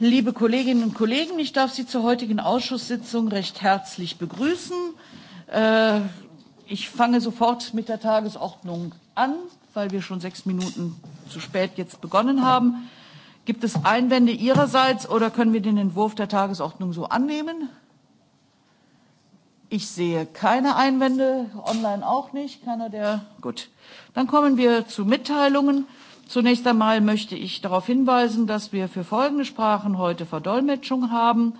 Liebe Kolleginnen und Kollegen, ich darf Sie zur heutigen Ausschusssitzung recht herzlich begrüßen. Ich fange sofort mit der Tagesordnung an, weil wir schon sechs Minuten zu spät jetzt begonnen haben. Gibt es Einwände Ihrerseits oder können wir den Entwurf der Tagesordnung so annehmen? Ich sehe keine Einwände, online auch nicht, keiner der. Gut. Dann kommen wir zu Mitteilungen. Zunächst einmal möchte ich darauf hinweisen, dass wir für folgende Sprachen heute Verdolmetschung haben.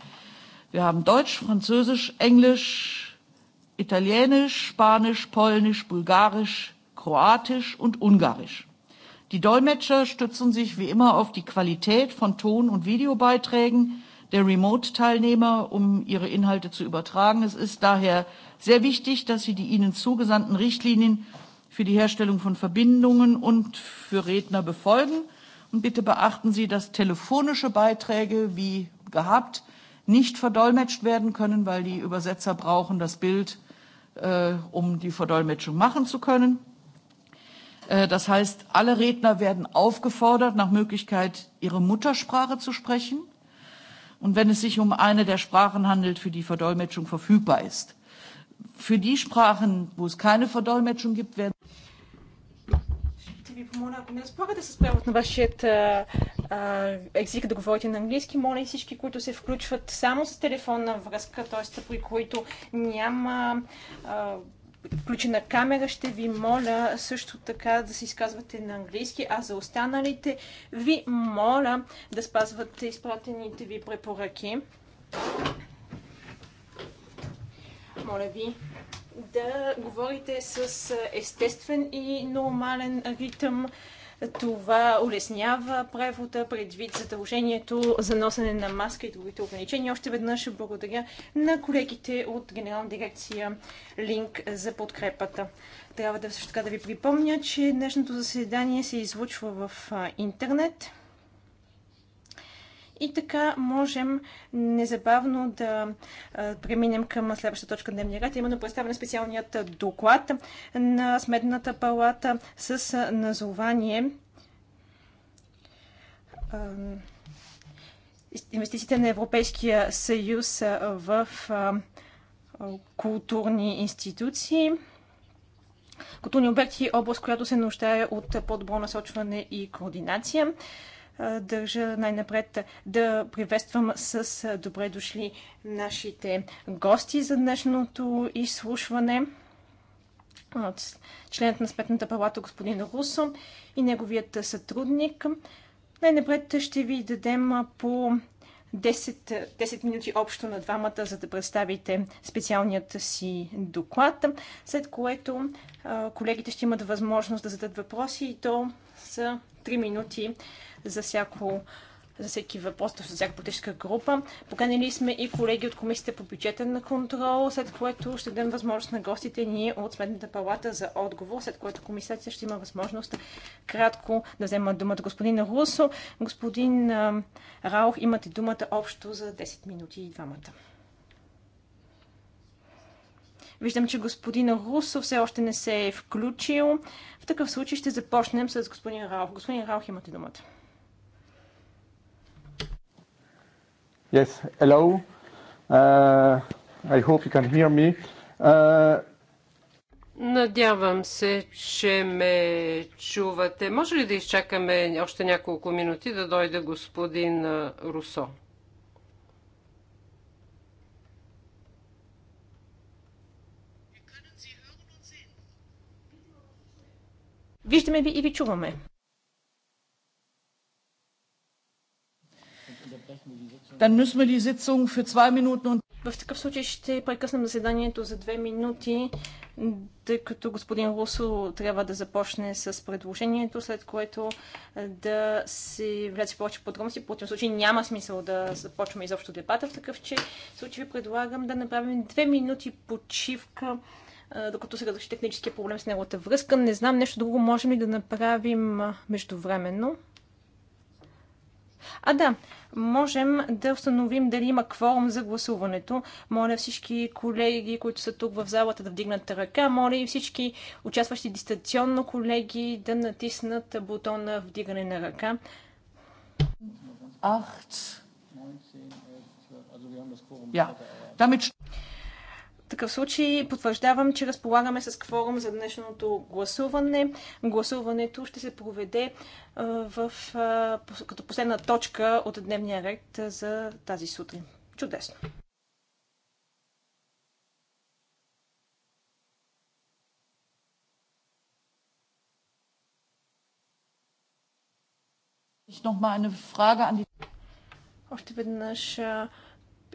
Wir haben Deutsch, Französisch, Englisch, Italienisch, Spanisch, Polnisch, Bulgarisch, Kroatisch und Ungarisch. Die Dolmetscher stützen sich wie immer auf die Qualität von Ton- und Videobeiträgen der Remote-Teilnehmer, um ihre Inhalte zu übertragen. Es ist daher sehr wichtig, dass Sie die Ihnen zugesandten Richtlinien für die Herstellung von Verbindungen und für Redner befolgen. Und bitte beachten Sie, dass telefonische Beiträge wie gehabt nicht verdolmetscht werden können, weil die Übersetzer brauchen das Bild, äh, um die Verdolmetschung machen zu können. Äh, das heißt, alle Redner werden aufgefordert, nach Möglichkeit ihre Muttersprache zu sprechen und wenn es sich um eine der Sprachen handelt, für die Verdolmetschung verfügbar ist für die Sprachen, wo es keine Verdolmetschung gibt, werden ви помоля, ако с превод на вашият а, а, език да говорите на английски, моля и всички, които се включват само с телефонна връзка, т.е. при които няма а, включена камера, ще ви моля също така да се изказвате на английски, а за останалите ви моля да спазвате изпратените ви препоръки. Моля ви да говорите с естествен и нормален ритъм. Това улеснява превода предвид задължението за носене на маска и другите ограничения. Още веднъж благодаря на колегите от Генерална дирекция Линк за подкрепата. Трябва да също така да ви припомня, че днешното заседание се излучва в интернет. И така можем незабавно да преминем към следващата точка дневния ред, именно представен специалният доклад на Сметната палата с название инвестициите на Европейския съюз в културни институции културни обекти, област, която се нуждае от по-добро насочване и координация държа най-напред да приветствам с добре дошли нашите гости за днешното изслушване. Членът на Сметната палата господин Русо и неговият сътрудник. Най-напред ще ви дадем по 10, 10 минути общо на двамата, за да представите специалният си доклад, след което колегите ще имат възможност да зададат въпроси и то са 3 минути за всяко за всеки въпрос, за всяка политическа група. Поканили сме и колеги от Комисията по бюджетен на контрол, след което ще дадем възможност на гостите ни от Сметната палата за отговор, след което комисията ще има възможност кратко да взема думата господин Русо. Господин Раух, имате думата общо за 10 минути и двамата. Виждам, че господин Русов все още не се е включил. В такъв случай ще започнем с господин Раух. Господин Раух, имате думата. Yes, hello. Uh, I hope you can hear me. Uh... Надявам се, че ме чувате. Може ли да изчакаме още няколко минути да дойде господин Русо? Виждаме ви и ви чуваме. В такъв случай ще прекъснем заседанието за две минути, тъй като господин Русо трябва да започне с предложението, след което да се влезе повече подробности. По този случай няма смисъл да започваме изобщо дебата. В такъв че, случай предлагам да направим две минути почивка докато се разреши техническия проблем с неговата връзка. Не знам нещо друго можем ли да направим междувременно. А да, можем да установим дали има кворум за гласуването. Моля всички колеги, които са тук в залата да вдигнат ръка. Моля и всички участващи дистанционно колеги да натиснат бутона вдигане на ръка. Ах! Ja, damit такъв случай потвърждавам, че разполагаме с кворум за днешното гласуване. Гласуването ще се проведе в, като последна точка от дневния ред за тази сутрин. Чудесно! Още веднъж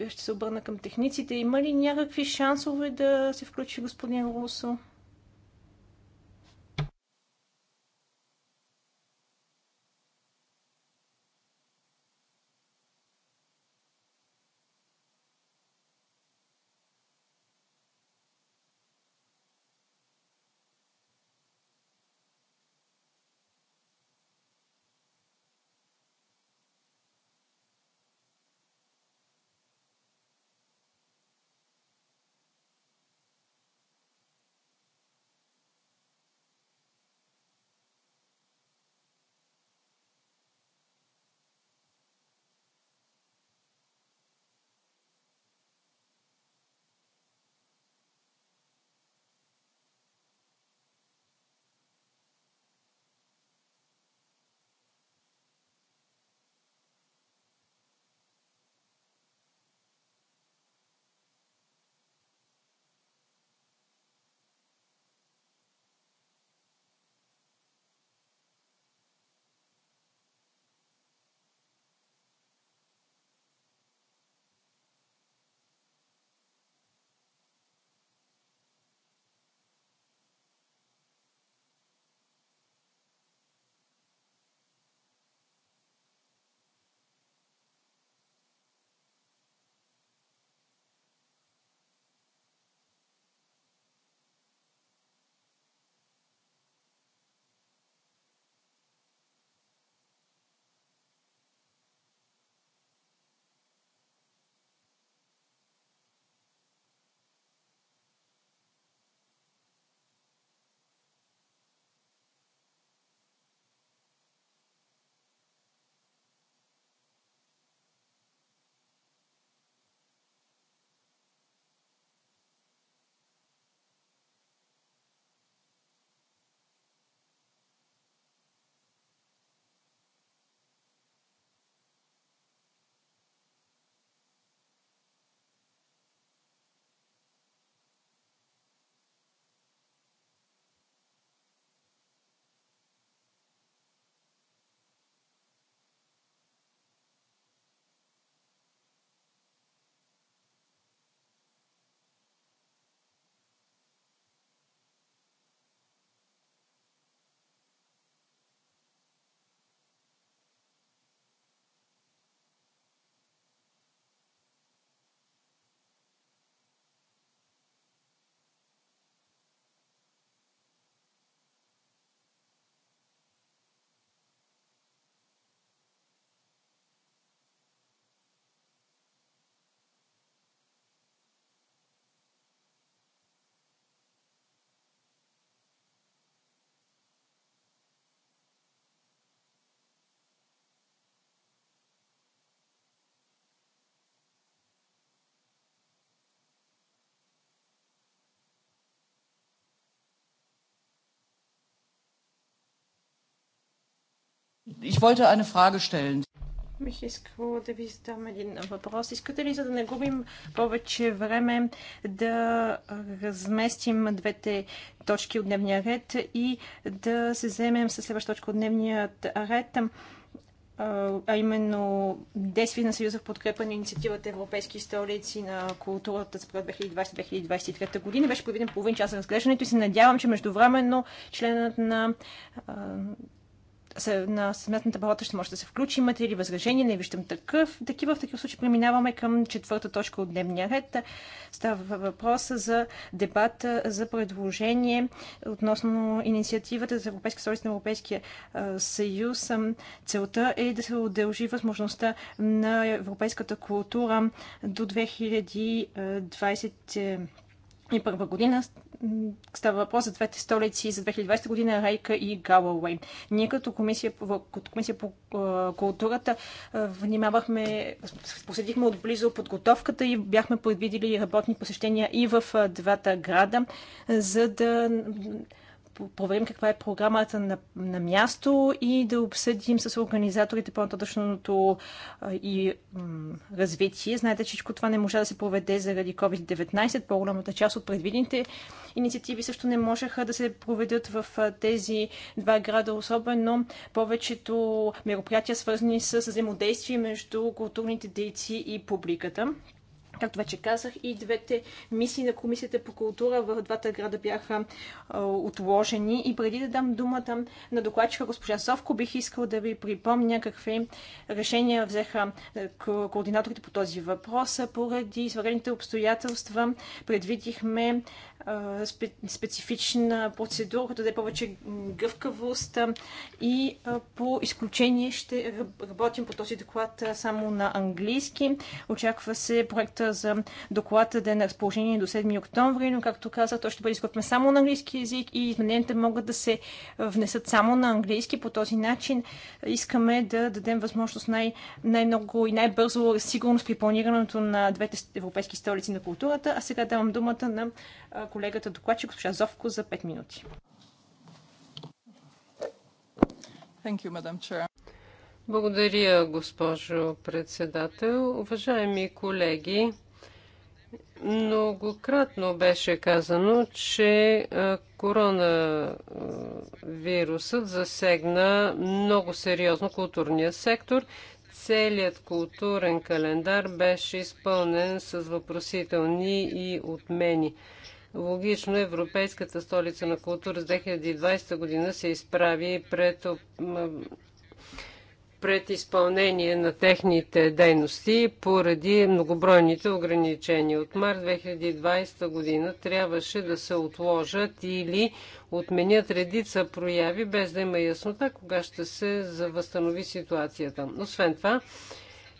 ще се обърна към техниците. Има ли някакви шансове да се включи господин Русо? Ich wollte eine Frage stellen. Бих искала да ви задам един въпрос. Искате ли, за да не губим повече време, да разместим двете точки от дневния ред и да се вземем с следваща точка от дневния ред, а именно действие на Съюза в подкрепа на инициативата Европейски столици на културата с 2020-2023 година. Беше проведен половин час разглеждането и се надявам, че междувременно членът на на съметната палата ще може да се включи. Имате ли възражение? Не виждам такъв. Такива в такива случаи преминаваме към четвърта точка от дневния ред. Става въпроса за дебат за предложение относно инициативата за Европейска столица на Европейския съюз. Целта е да се удължи възможността на европейската култура до 2020 2001 година става въпрос за двете столици за 2020 година Рейка и Галауей. Ние като комисия, като комисия по културата внимавахме, посетихме отблизо подготовката и бяхме предвидили работни посещения и в двата града, за да проверим каква е програмата на, на място и да обсъдим с организаторите по-нататъчното и развитие. Знаете, че това не може да се проведе заради COVID-19. По-голямата част от предвидените инициативи също не можеха да се проведат в тези два града, особено повечето мероприятия, свързани с взаимодействие между културните дейци и публиката. Както вече казах, и двете мисии на Комисията по култура в двата града бяха отложени. И преди да дам думата на докладчика госпожа Совко, бих искал да ви припомня какви решения взеха координаторите по този въпрос. Поради изварените обстоятелства предвидихме специфична процедура, като да е повече гъвкавост и по изключение ще работим по този доклад само на английски. Очаква се проекта за доклад да е на разположение до 7 октомври, но както казах, то ще бъде изготвен само на английски язик и измененията могат да се внесат само на английски. По този начин искаме да дадем възможност най- най-много и най-бързо сигурност при планирането на двете европейски столици на културата. А сега давам думата на колегата докладчик госпожа Зовко за 5 минути. You, Благодаря, госпожо председател. Уважаеми колеги, Многократно беше казано, че коронавирусът засегна много сериозно културния сектор. Целият културен календар беше изпълнен с въпросителни и отмени. Логично е Европейската столица на култура с 2020 година се изправи пред пред изпълнение на техните дейности поради многобройните ограничения. От март 2020 година трябваше да се отложат или отменят редица прояви, без да има яснота кога ще се възстанови ситуацията. Освен това,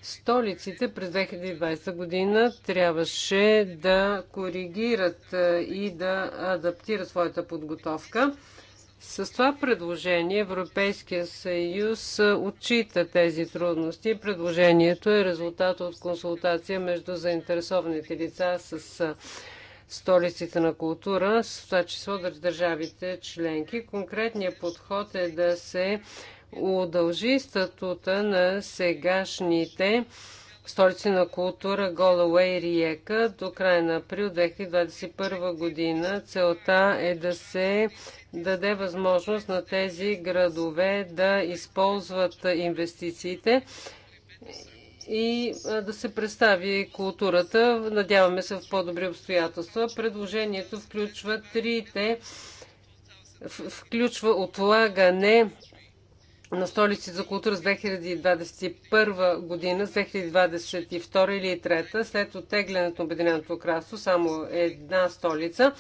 Столиците през 2020 година трябваше да коригират и да адаптират своята подготовка. С това предложение Европейския съюз отчита тези трудности. Предложението е резултат от консултация между заинтересованите лица с столиците на култура, с това число държавите членки. Конкретният подход е да се удължи статута на сегашните столици на култура Голауей и Риека до края на април 2021 година. Целта е да се даде възможност на тези градове да използват инвестициите и да се представи културата. Надяваме се в по-добри обстоятелства. Предложението включва трите включва отлагане на столици за култура с 2021 година, с 2022 или 2023, след оттеглянето на Обединеното кралство, само една столица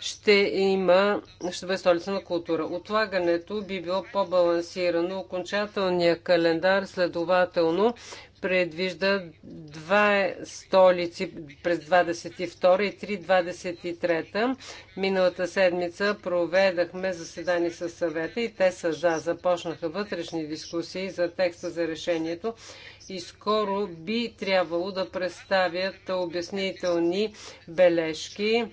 ще има, ще бъде столица на култура. Отлагането би било по-балансирано. Окончателният календар следователно предвижда два столици през 22 и 3 23. Миналата седмица проведахме заседание с съвета и те са за. Започнаха вътрешни дискусии за текста за решението и скоро би трябвало да представят обяснителни бележки.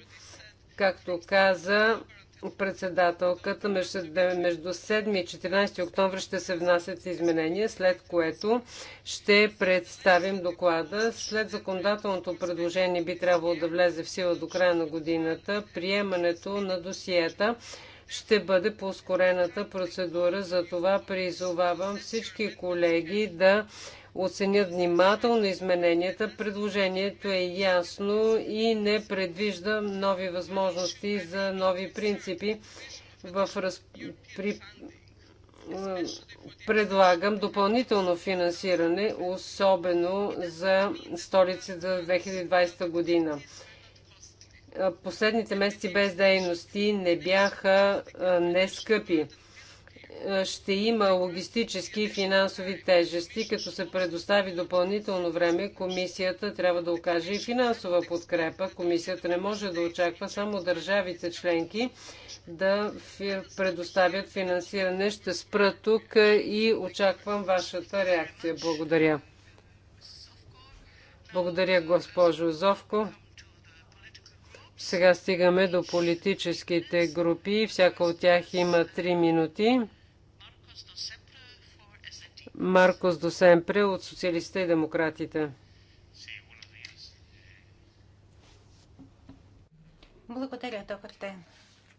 Както каза председателката между 7 и 14 октомври ще се внасят изменения, след което ще представим доклада. След законодателното предложение би трябвало да влезе в сила до края на годината. Приемането на досиета ще бъде по ускорената процедура. За това призовавам всички колеги да Оценят внимателно измененията. Предложението е ясно и не предвижда нови възможности за нови принципи. В раз... при... Предлагам допълнително финансиране, особено за столици за 2020 година последните месеци без дейности не бяха нескъпи. Е, ще има логистически и финансови тежести. Като се предостави допълнително време, комисията трябва да окаже и финансова подкрепа. Комисията не може да очаква само държавите членки да предоставят финансиране. Ще спра тук и очаквам вашата реакция. Благодаря. Благодаря, госпожо Зовко. Сега стигаме до политическите групи. Всяка от тях има 3 минути. Маркос Досемпре от Социалистите и Демократите. Благодаря, добър ден.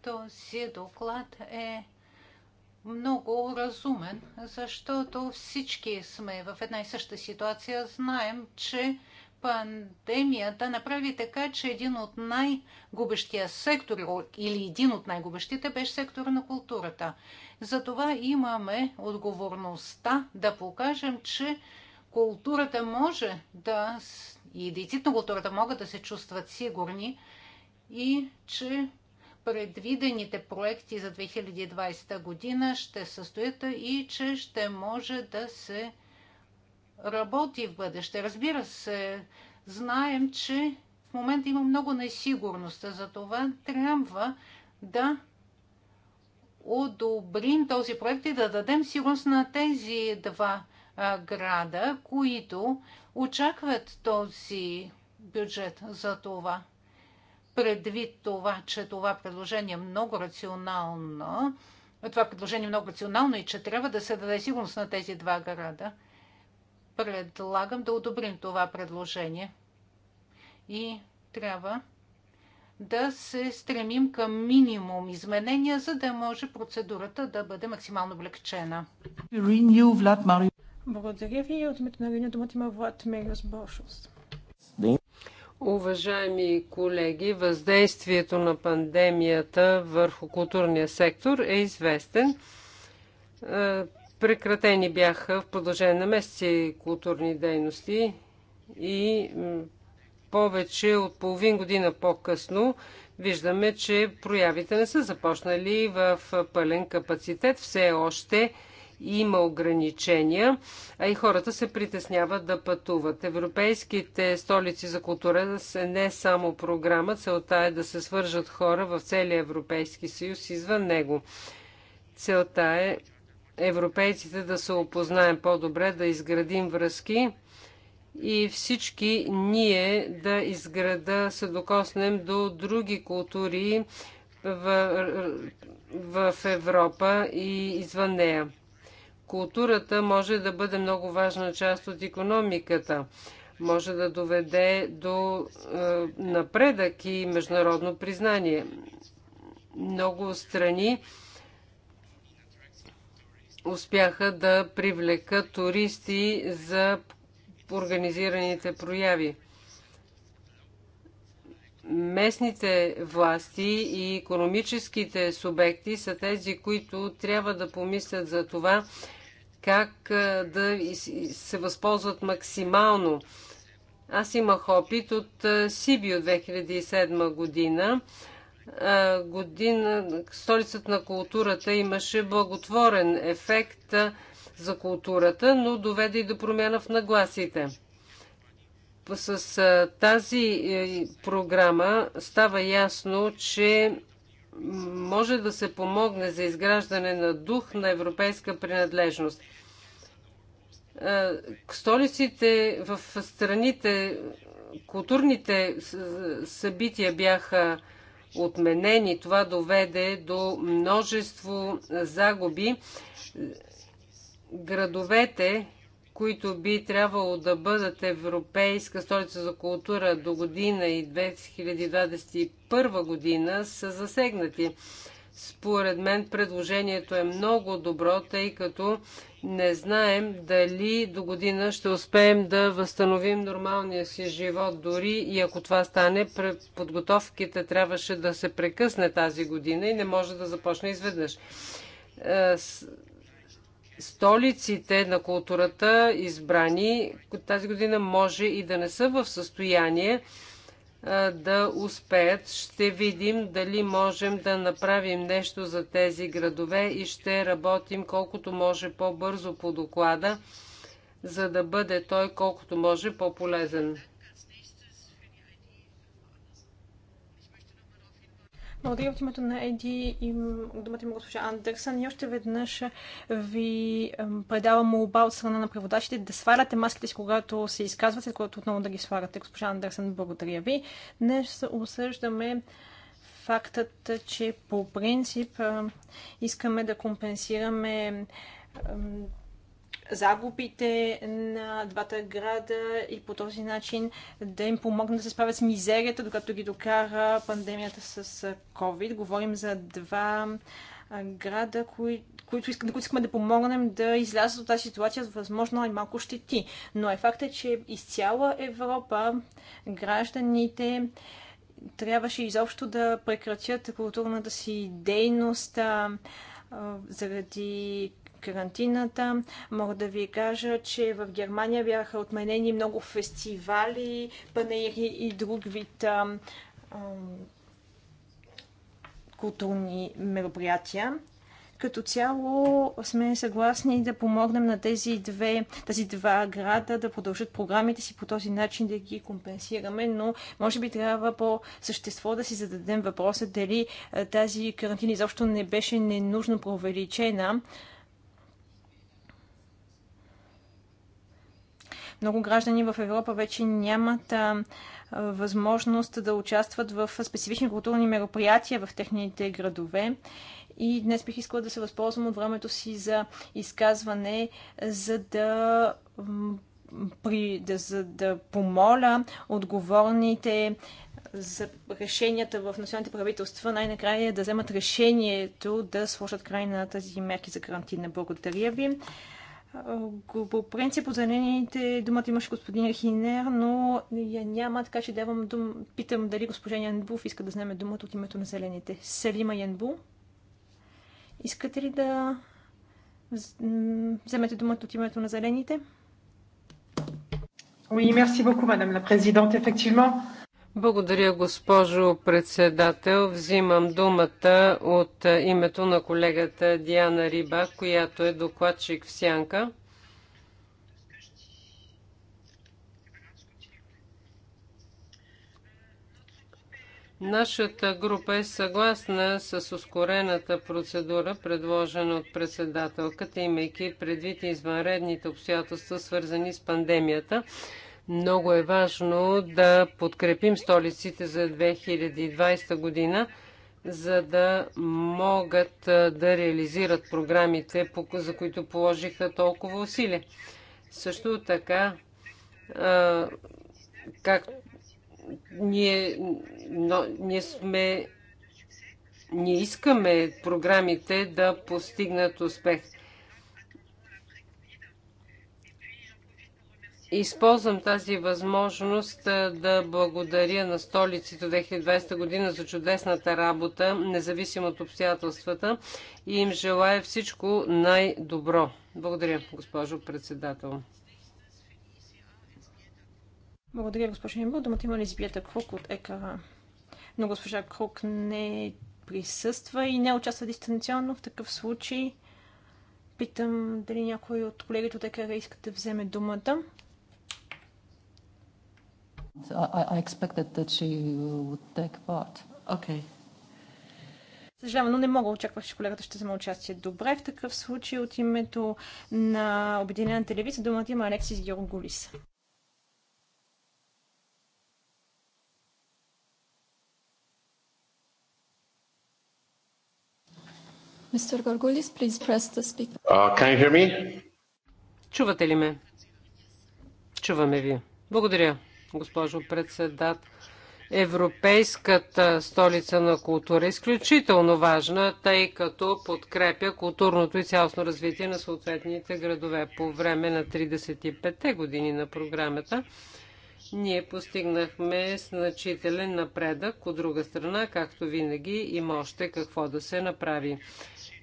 Този доклад е много разумен, защото всички сме в една и съща ситуация. Знаем, че пандемията направи така, че един от най-губещия сектор или един от най-губещите беше сектор на културата. Затова имаме отговорността да покажем, че културата може да и действително културата могат да се чувстват сигурни и че предвидените проекти за 2020 година ще състоят и че ще може да се работи в бъдеще. Разбира се, знаем, че в момента има много несигурност, за това трябва да одобрим този проект и да дадем сигурност на тези два града, които очакват този бюджет за това. Предвид това, че това предложение е много рационално, това предложение е много рационално и че трябва да се даде сигурност на тези два града, предлагам да одобрим това предложение. И трябва да се стремим към минимум изменения, за да може процедурата да бъде максимално облегчена. Благодаря ви. От името на Рения думата има Влад Мегас Бошус. Уважаеми колеги, въздействието на пандемията върху културния сектор е известен. Е, прекратени бяха в продължение на месеци културни дейности и повече от половин година по-късно виждаме, че проявите не са започнали в пълен капацитет. Все още има ограничения, а и хората се притесняват да пътуват. Европейските столици за култура са не само програма, целта е да се свържат хора в целия Европейски съюз извън него. Целта е европейците да се опознаем по-добре, да изградим връзки и всички ние да изграда се докоснем до други култури в, в Европа и извън нея. Културата може да бъде много важна част от економиката. Може да доведе до е, напредък и международно признание. Много страни успяха да привлекат туристи за организираните прояви. Местните власти и економическите субекти са тези, които трябва да помислят за това как да се възползват максимално. Аз имах опит от Сиби от 2007 година година столицата на културата имаше благотворен ефект за културата, но доведе и до промяна в нагласите. С тази е, програма става ясно, че може да се помогне за изграждане на дух на европейска принадлежност. Столиците в страните, културните събития бяха отменени. Това доведе до множество загуби градовете, които би трябвало да бъдат Европейска столица за култура до година и 2021 година, са засегнати. Според мен предложението е много добро, тъй като не знаем дали до година ще успеем да възстановим нормалния си живот. Дори и ако това стане, подготовките трябваше да се прекъсне тази година и не може да започне изведнъж е, столиците на културата, избрани тази година, може и да не са в състояние да успеят. Ще видим дали можем да направим нещо за тези градове и ще работим колкото може по-бързо по доклада, за да бъде той колкото може по-полезен. Благодаря от името на Еди и думата има госпожа Андерсън. И още веднъж ви предавам молба от страна на преводачите да сваляте маските си, когато се изказвате, когато отново да ги сваляте. Госпожа Андерсън, благодаря ви. Днес осъждаме фактът, че по принцип искаме да компенсираме загубите на двата града и по този начин да им помогне да се справят с мизерията, докато ги докара пандемията с COVID. Говорим за два града, кои, които искаме, които искаме да помогнем да излязат от тази ситуация с възможно най-малко щети. Но е факт е, че из цяла Европа гражданите трябваше изобщо да прекратят културната си дейност а, заради карантината. Мога да ви кажа, че в Германия бяха отменени много фестивали, панери и друг вид а, а, културни мероприятия. Като цяло сме съгласни да помогнем на тези, две, тези два града да продължат програмите си по този начин да ги компенсираме, но може би трябва по същество да си зададем въпроса дали тази карантина изобщо не беше ненужно преувеличена. Много граждани в Европа вече нямат а, възможност да участват в специфични културни мероприятия в техните градове. И днес бих искала да се възползвам от времето си за изказване, за да при, да, за да помоля отговорните за решенията в националните правителства най-накрая да вземат решението да сложат край на тази мерки за карантина. Благодаря ви. По принцип за зелените думата имаше господин Хинер, но я няма, така че давам дум... питам дали госпожа Янбув иска да вземе думата от името на зелените. Салима Янбу, искате ли да вземете думата от името на зелените? Oui, merci beaucoup, madame la présidente. Effectivement, благодаря, госпожо председател. Взимам думата от името на колегата Диана Риба, която е докладчик в Сянка. Нашата група е съгласна с ускорената процедура, предложена от председателката, имайки предвид извънредните обстоятелства, свързани с пандемията. Много е важно да подкрепим столиците за 2020 година, за да могат да реализират програмите, за които положиха толкова усилия. Също така, как ние, но, ние сме ние искаме програмите да постигнат успех. Използвам тази възможност да благодаря на столиците 2020 година за чудесната работа, независимо от обстоятелствата и им желая всичко най-добро. Благодаря, госпожо председател. Благодаря, госпожо Нимбо. Думата има Лизбията Крук от ЕКА. Но госпожа Крук не присъства и не участва дистанционно. В такъв случай питам дали някой от колегите от ЕКА иска да вземе думата. I, I expected that she would take part. Okay. Съжалявам, но не мога. Очаквах, че колегата ще вземе участие. Добре, в такъв случай от името на Обединена телевизия думата има Алексис Георгулис. Мистер Gorgulis, please press the speak. Uh, can you hear me? Чувате ли ме? Чуваме ви. Благодаря госпожо председател. Европейската столица на култура е изключително важна, тъй като подкрепя културното и цялостно развитие на съответните градове. По време на 35-те години на програмата ние постигнахме значителен напредък. От друга страна, както винаги, има още какво да се направи.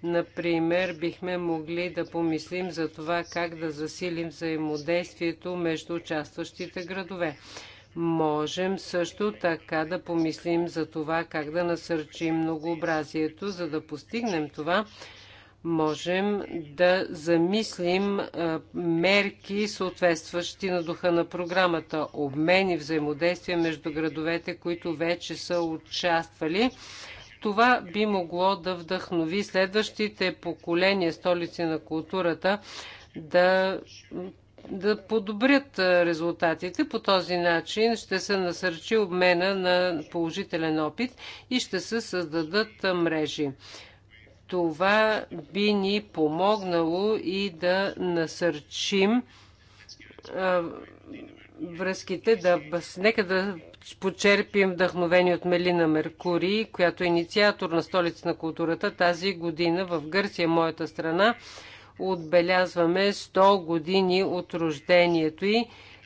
Например, бихме могли да помислим за това как да засилим взаимодействието между участващите градове. Можем също така да помислим за това как да насърчим многообразието, за да постигнем това. Можем да замислим мерки, съответстващи на духа на програмата, обмени, взаимодействия между градовете, които вече са участвали това би могло да вдъхнови следващите поколения столици на културата да, да подобрят резултатите. По този начин ще се насърчи обмена на положителен опит и ще се създадат мрежи. Това би ни помогнало и да насърчим връзките, да, нека да почерпим вдъхновение от Мелина Меркурий, която е инициатор на столица на културата. Тази година в Гърция, моята страна, отбелязваме 100 години от рождението и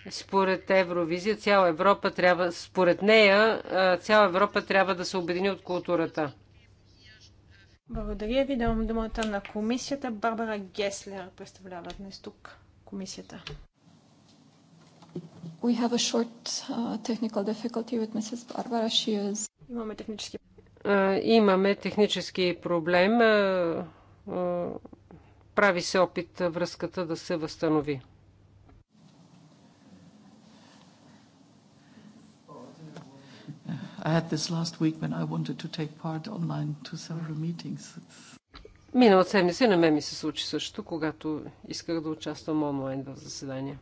Според Евровизия, цяла Европа трябва, според нея, цяла Европа трябва да се обедини от културата. Благодаря ви. Давам думата на комисията. Барбара Геслер представлява днес тук комисията. We have a short uh, technical difficulty with Mrs. Barbara. She is... Имаме технически... uh, имаме технически проблем. Uh, uh, прави се опит връзката да се възстанови. I had this last week when I wanted to take part online to several meetings. Миналата седмица на мен ми се случи също, когато исках да участвам онлайн в заседания.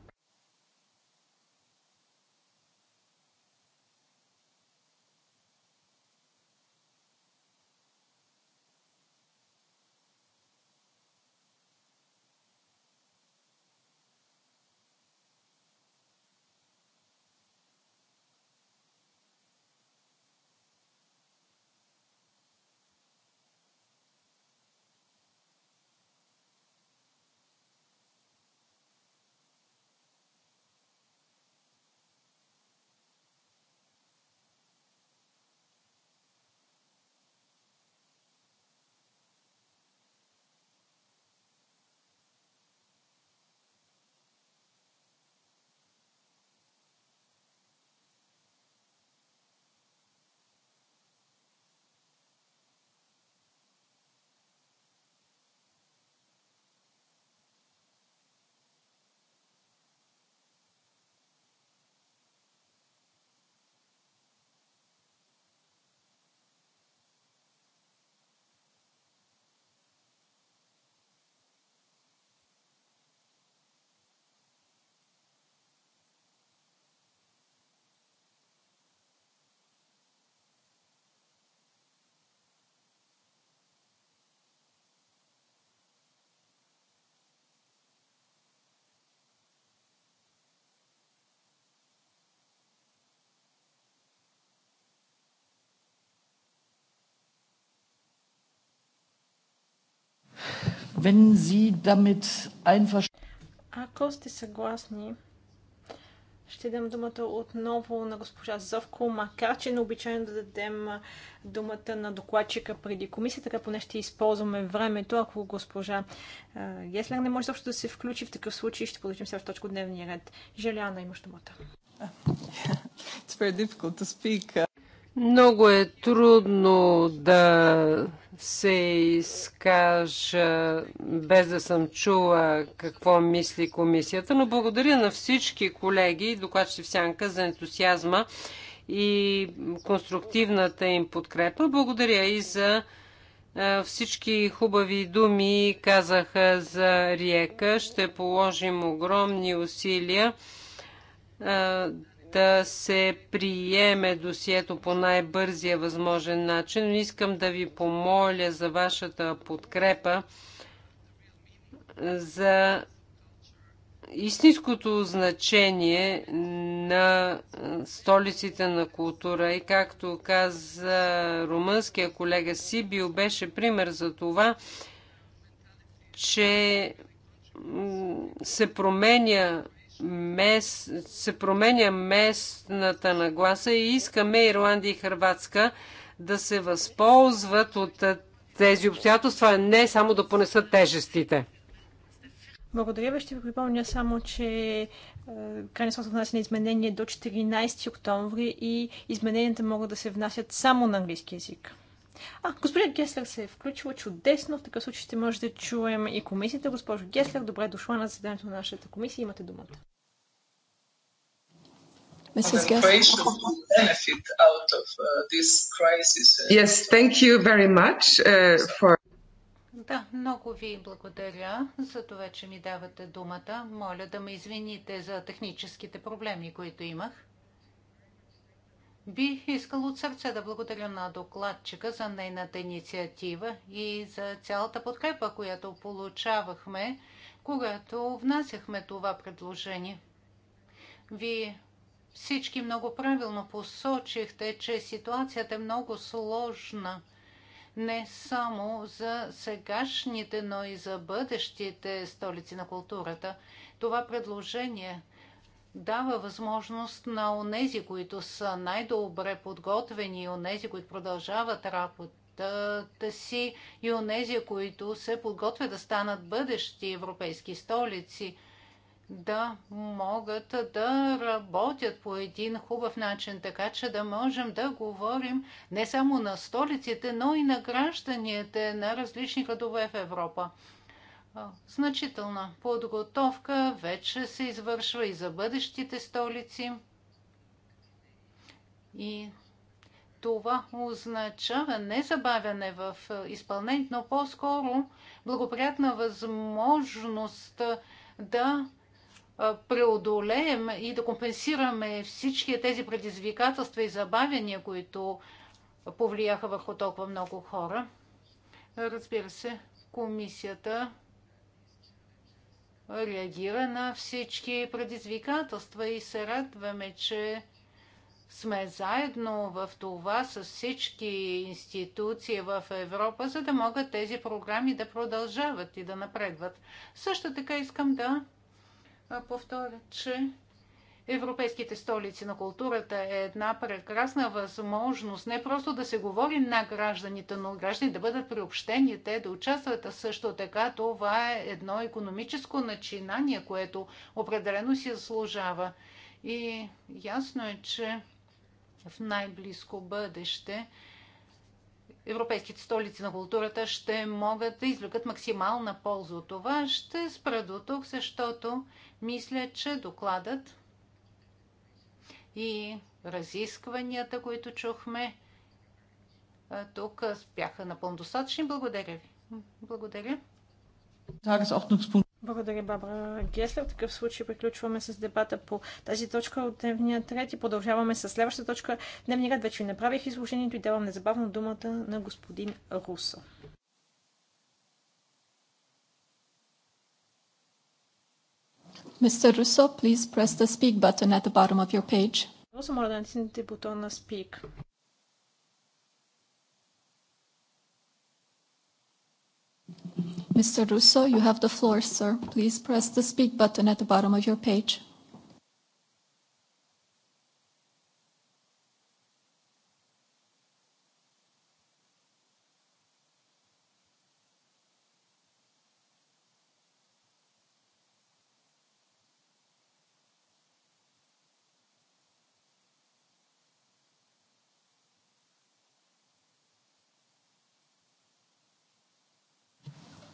Wenn Sie damit Ако сте съгласни, ще дам думата отново на госпожа Зовко, макар че не обичайно да дадем думата на докладчика преди комисията, така поне ще използваме времето. Ако госпожа Геслер не може също да се включи, в такъв случай ще получим следващата точка дневния ред. Желяна, имаш думата. It's very difficult to speak. Uh, много е трудно да се изкажа, без да съм чула какво мисли комисията, но благодаря на всички колеги, докладчи в сянка, за ентусиазма и конструктивната им подкрепа. Благодаря и за всички хубави думи казаха за Риека. Ще положим огромни усилия да се приеме досието по най-бързия възможен начин, но искам да ви помоля за вашата подкрепа за истинското значение на столиците на култура и както каза румънския колега Сибил, беше пример за това, че се променя мест, се променя местната нагласа и искаме Ирландия и Хрватска да се възползват от тези обстоятелства, не само да понесат тежестите. Благодаря ви. Ще ви припомня само, че крайна срок за на изменение е до 14 октомври и измененията могат да се внасят само на английски язик. А, господин Геслер се е включил чудесно. В такъв случай ще може да чуем и комисията. Госпожо Геслер, добре е дошла на заседанието на нашата комисия. Имате думата. Mrs. Uh, uh, yes, thank you very much uh, for. Да, много ви благодаря за това, че ми давате думата. Моля да ме извините за техническите проблеми, които имах. Бих искал от сърце да благодаря на докладчика за нейната инициатива и за цялата подкрепа, която получавахме, когато внасяхме това предложение. Вие всички много правилно посочихте, че ситуацията е много сложна не само за сегашните, но и за бъдещите столици на културата. Това предложение – дава възможност на онези, които са най-добре подготвени, онези, които продължават работата си и онези, които се подготвят да станат бъдещи европейски столици, да могат да работят по един хубав начин, така че да можем да говорим не само на столиците, но и на гражданите на различни градове в Европа. Значителна подготовка вече се извършва и за бъдещите столици. И това означава не забавяне в изпълнението, но по-скоро благоприятна възможност да преодолеем и да компенсираме всички тези предизвикателства и забавяния, които повлияха върху толкова много хора. Разбира се, комисията реагира на всички предизвикателства и се радваме, че сме заедно в това с всички институции в Европа, за да могат тези програми да продължават и да напредват. Също така искам да повторя, че Европейските столици на културата е една прекрасна възможност не просто да се говори на гражданите, но граждани да бъдат приобщени, те да участват. А също така това е едно економическо начинание, което определено си заслужава. И ясно е, че в най-близко бъдеще европейските столици на културата ще могат да извлекат максимална полза от това. Ще спра до тук, защото мисля, че докладът и разискванията, които чухме тук, бяха напълно достатъчни. Благодаря ви. Благодаря. Благодаря, Бабра Геслер. В такъв случай приключваме с дебата по тази точка от дневния трети. и продължаваме с следващата точка. Дневния ред вече направих изложението и давам незабавно думата на господин Русо. Mr. Russo, please press the speak button at the bottom of your page. speak. Mr. Russo, you have the floor, sir. Please press the speak button at the bottom of your page.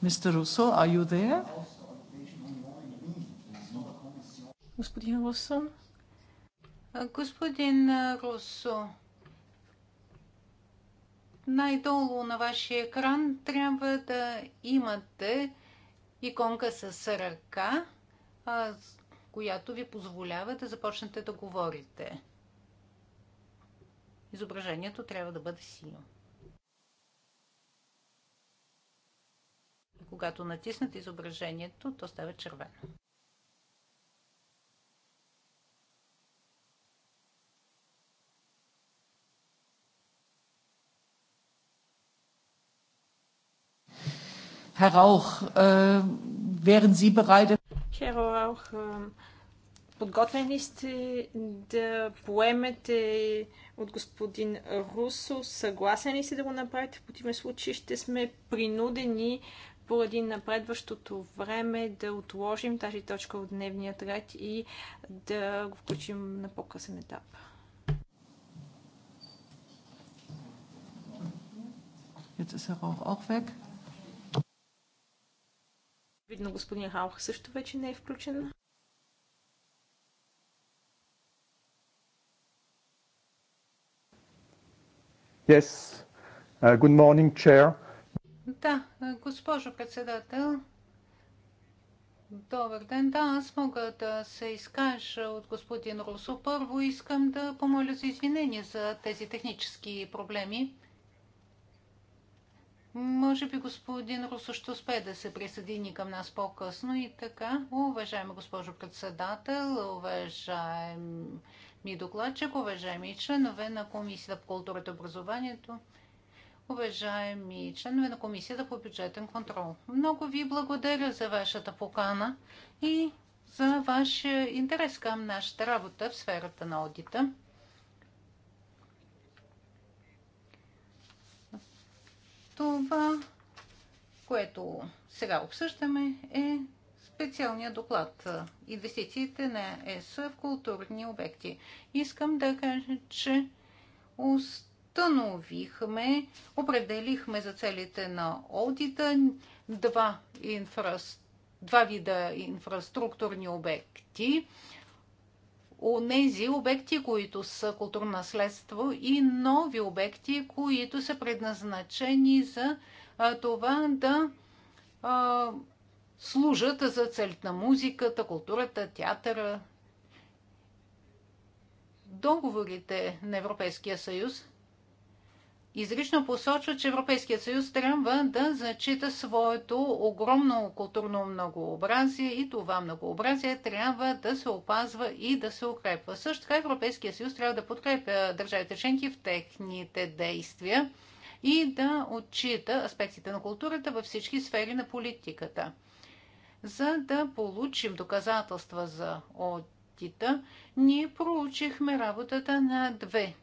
Mr. Russo, are you there? Господин Русо. Господин Русо, най-долу на вашия екран трябва да имате иконка с ръка, която ви позволява да започнете да говорите. Изображението трябва да бъде синьо. Когато натиснат изображението, то става червено. Herr Rauch, äh, wären Sie bereit? Herr Rauch, э, подготвени сте да поемете от господин Русо? Съгласен ли сте да го направите? В противен случай ще сме принудени поради напредващото време да отложим тази точка от дневния ред и да го включим на по-късен етап. Er Видно господин Раух също вече не е включен. Yes. Uh, good morning, Chair. Да, госпожо председател, добър ден. Да, аз мога да се изкажа от господин Русо. Първо искам да помоля за извинение за тези технически проблеми. Може би господин Русо ще успее да се присъедини към нас по-късно и така. Уважаема госпожо председател, уважаеми докладчик, уважаеми членове на Комисията по културата и образованието, уважаеми членове на Комисията по бюджетен контрол. Много ви благодаря за вашата покана и за вашия интерес към нашата работа в сферата на аудита. Това, което сега обсъждаме, е специалния доклад инвестициите на ЕС в културни обекти. Искам да кажа, че ост установихме, определихме за целите на аудита два, инфра... два вида инфраструктурни обекти. Онези обекти, които са културно наследство и нови обекти, които са предназначени за това да а, служат за целите на музиката, културата, театъра. Договорите на Европейския съюз изрично посочва, че Европейският съюз трябва да зачита своето огромно културно многообразие и това многообразие трябва да се опазва и да се укрепва. Също така Европейския съюз трябва да подкрепя държавите членки в техните действия и да отчита аспектите на културата във всички сфери на политиката. За да получим доказателства за одита, ние проучихме работата на две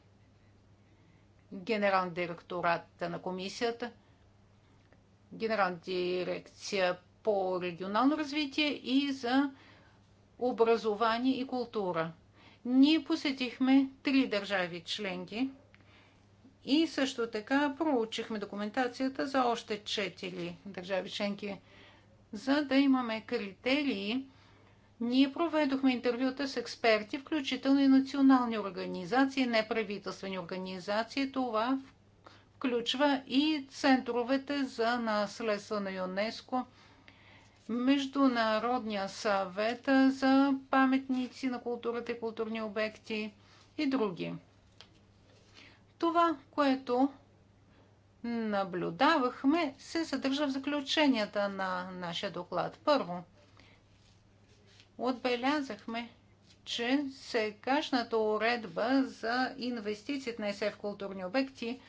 генерал директорат на комисията, генерална дирекция по регионално развитие и за образование и култура. Ние посетихме три държави членки и също така проучихме документацията за още четири държави членки, за да имаме критерии, ние проведохме интервюта с експерти, включително и национални организации, неправителствени организации. Това включва и центровете за наследство на ЮНЕСКО, Международния съвет за паметници на културата и културни обекти и други. Това, което наблюдавахме, се съдържа в заключенията на нашия доклад. Първо – отбелязахме, че сегашната уредба за инвестициите на СЕ в културни обекти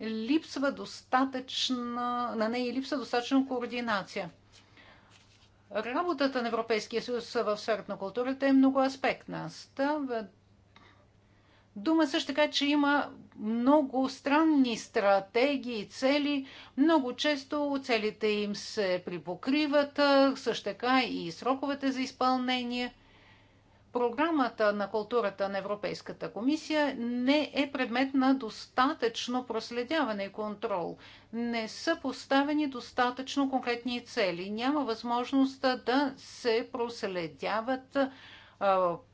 липсва достатъчна, на нея липсва достатъчно координация. Работата на Европейския съюз в сферата на културата е много Става дума също така, че има много странни стратегии и цели. Много често целите им се припокриват, също така и сроковете за изпълнение. Програмата на културата на Европейската комисия не е предмет на достатъчно проследяване и контрол. Не са поставени достатъчно конкретни цели. Няма възможност да се проследяват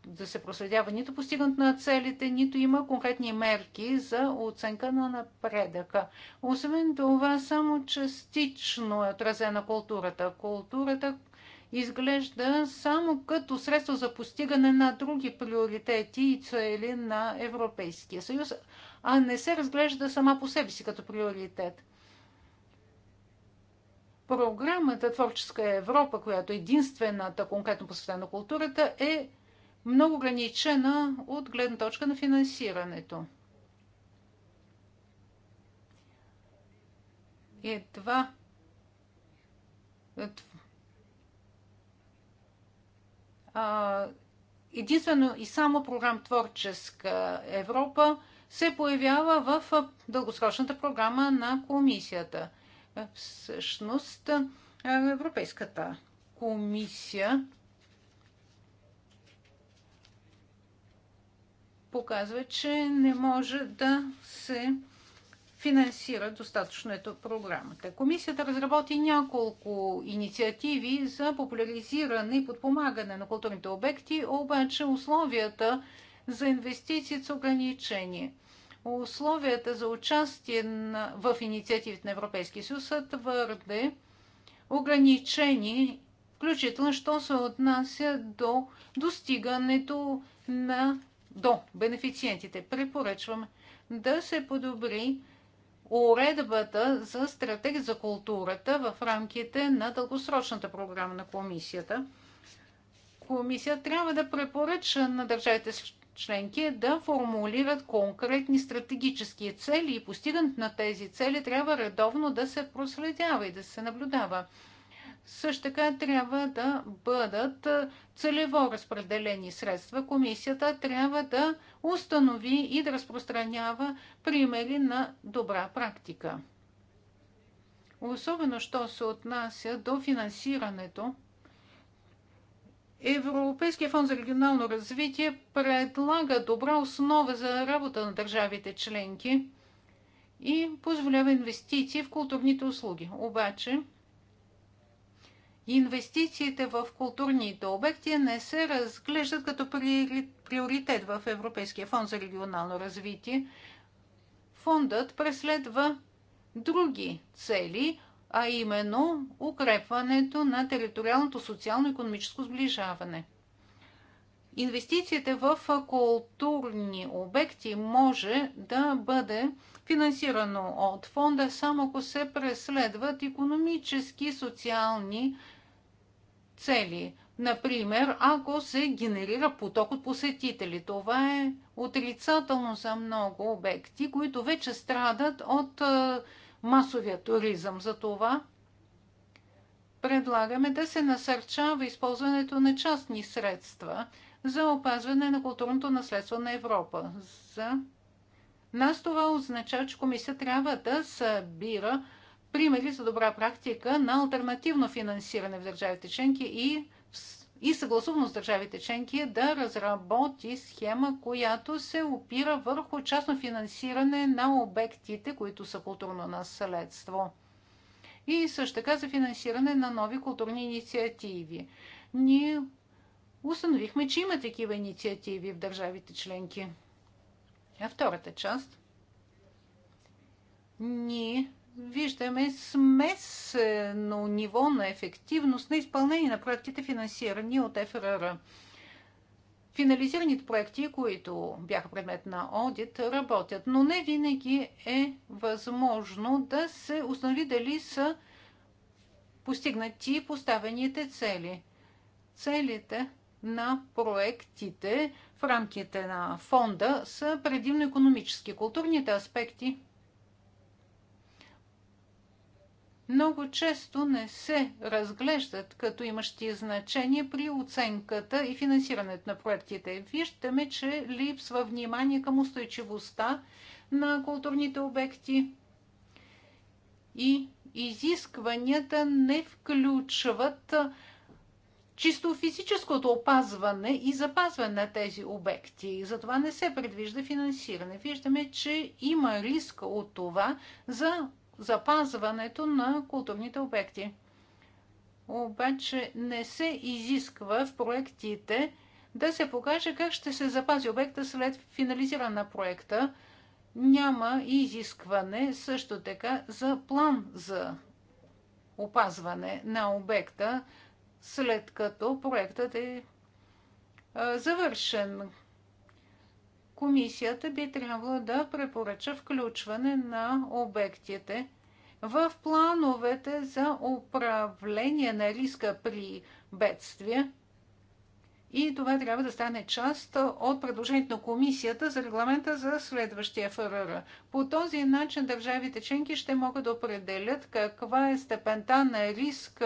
да се проследява нито постигането на целите, нито има конкретни мерки за оценка на напредъка. Освен това, само частично е отразена културата. Културата изглежда само като средство за постигане на други приоритети и цели на Европейския съюз, а не се разглежда сама по себе си като приоритет. Програмата Творческа Европа, която е единствената конкретно посветена на културата, е много ограничена от гледна точка на финансирането. Едва единствено и само програм Творческа Европа се появява в дългосрочната програма на комисията – всъщност Европейската комисия показва, че не може да се финансира достатъчно ето програмата. Комисията разработи няколко инициативи за популяризиране и подпомагане на културните обекти, обаче условията за инвестиции са ограничени условията за участие в инициативите на Европейския съюз са твърде ограничени, включително, що се отнася до достигането на до бенефициентите. Препоръчвам да се подобри уредбата за стратегия за културата в рамките на дългосрочната програма на комисията. Комисия трябва да препоръча на държавите членки е да формулират конкретни стратегически цели и постигането на тези цели трябва редовно да се проследява и да се наблюдава. Също така трябва да бъдат целево разпределени средства. Комисията трябва да установи и да разпространява примери на добра практика. Особено, що се отнася до финансирането Европейския фонд за регионално развитие предлага добра основа за работа на държавите членки и позволява инвестиции в културните услуги. Обаче, инвестициите в културните обекти не се разглеждат като приоритет в Европейския фонд за регионално развитие. Фондът преследва други цели, а именно укрепването на териториалното социално-економическо сближаване. Инвестицията в културни обекти може да бъде финансирано от фонда само ако се преследват економически и социални цели. Например, ако се генерира поток от посетители. Това е отрицателно за много обекти, които вече страдат от е, масовия туризъм. За това предлагаме да се насърчава използването на частни средства за опазване на културното наследство на Европа. За нас това означава, че комисия трябва да събира примери за добра практика на альтернативно финансиране в държавите членки и в и съгласувано с държавите членки е да разработи схема, която се опира върху частно финансиране на обектите, които са културно наследство. И също така за финансиране на нови културни инициативи. Ние установихме, че има такива инициативи в държавите членки. А втората част. Ние виждаме смесено ниво на ефективност на изпълнение на проектите, финансирани от ФРР. Финализираните проекти, които бяха предмет на одит, работят, но не винаги е възможно да се установи дали са постигнати поставените цели. Целите на проектите в рамките на фонда са предимно економически. Културните аспекти – много често не се разглеждат като имащи значение при оценката и финансирането на проектите. Виждаме, че липсва внимание към устойчивостта на културните обекти и изискванията не включват чисто физическото опазване и запазване на тези обекти. Затова не се предвижда финансиране. Виждаме, че има риск от това за запазването на културните обекти. Обаче не се изисква в проектите да се покаже как ще се запази обекта след финализиране на проекта. Няма изискване също така за план за опазване на обекта, след като проектът е завършен комисията би трябвало да препоръча включване на обектите в плановете за управление на риска при бедствия. И това трябва да стане част от предложението на комисията за регламента за следващия ФРР. По този начин държавите членки ще могат да определят каква е степента на риск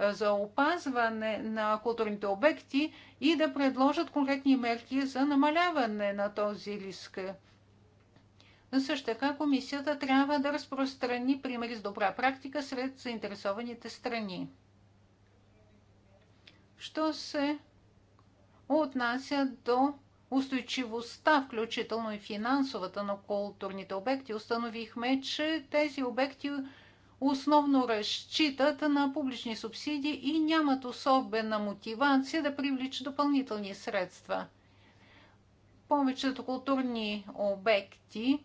за опазване на културните обекти и да предложат конкретни мерки за намаляване на този риск. също така комисията трябва да разпространи примери с добра практика сред заинтересованите страни. Що се отнася до устойчивостта, включително и финансовата на културните обекти, установихме, че тези обекти основно разчитат на публични субсидии и нямат особена мотивация да привличат допълнителни средства. Повечето културни обекти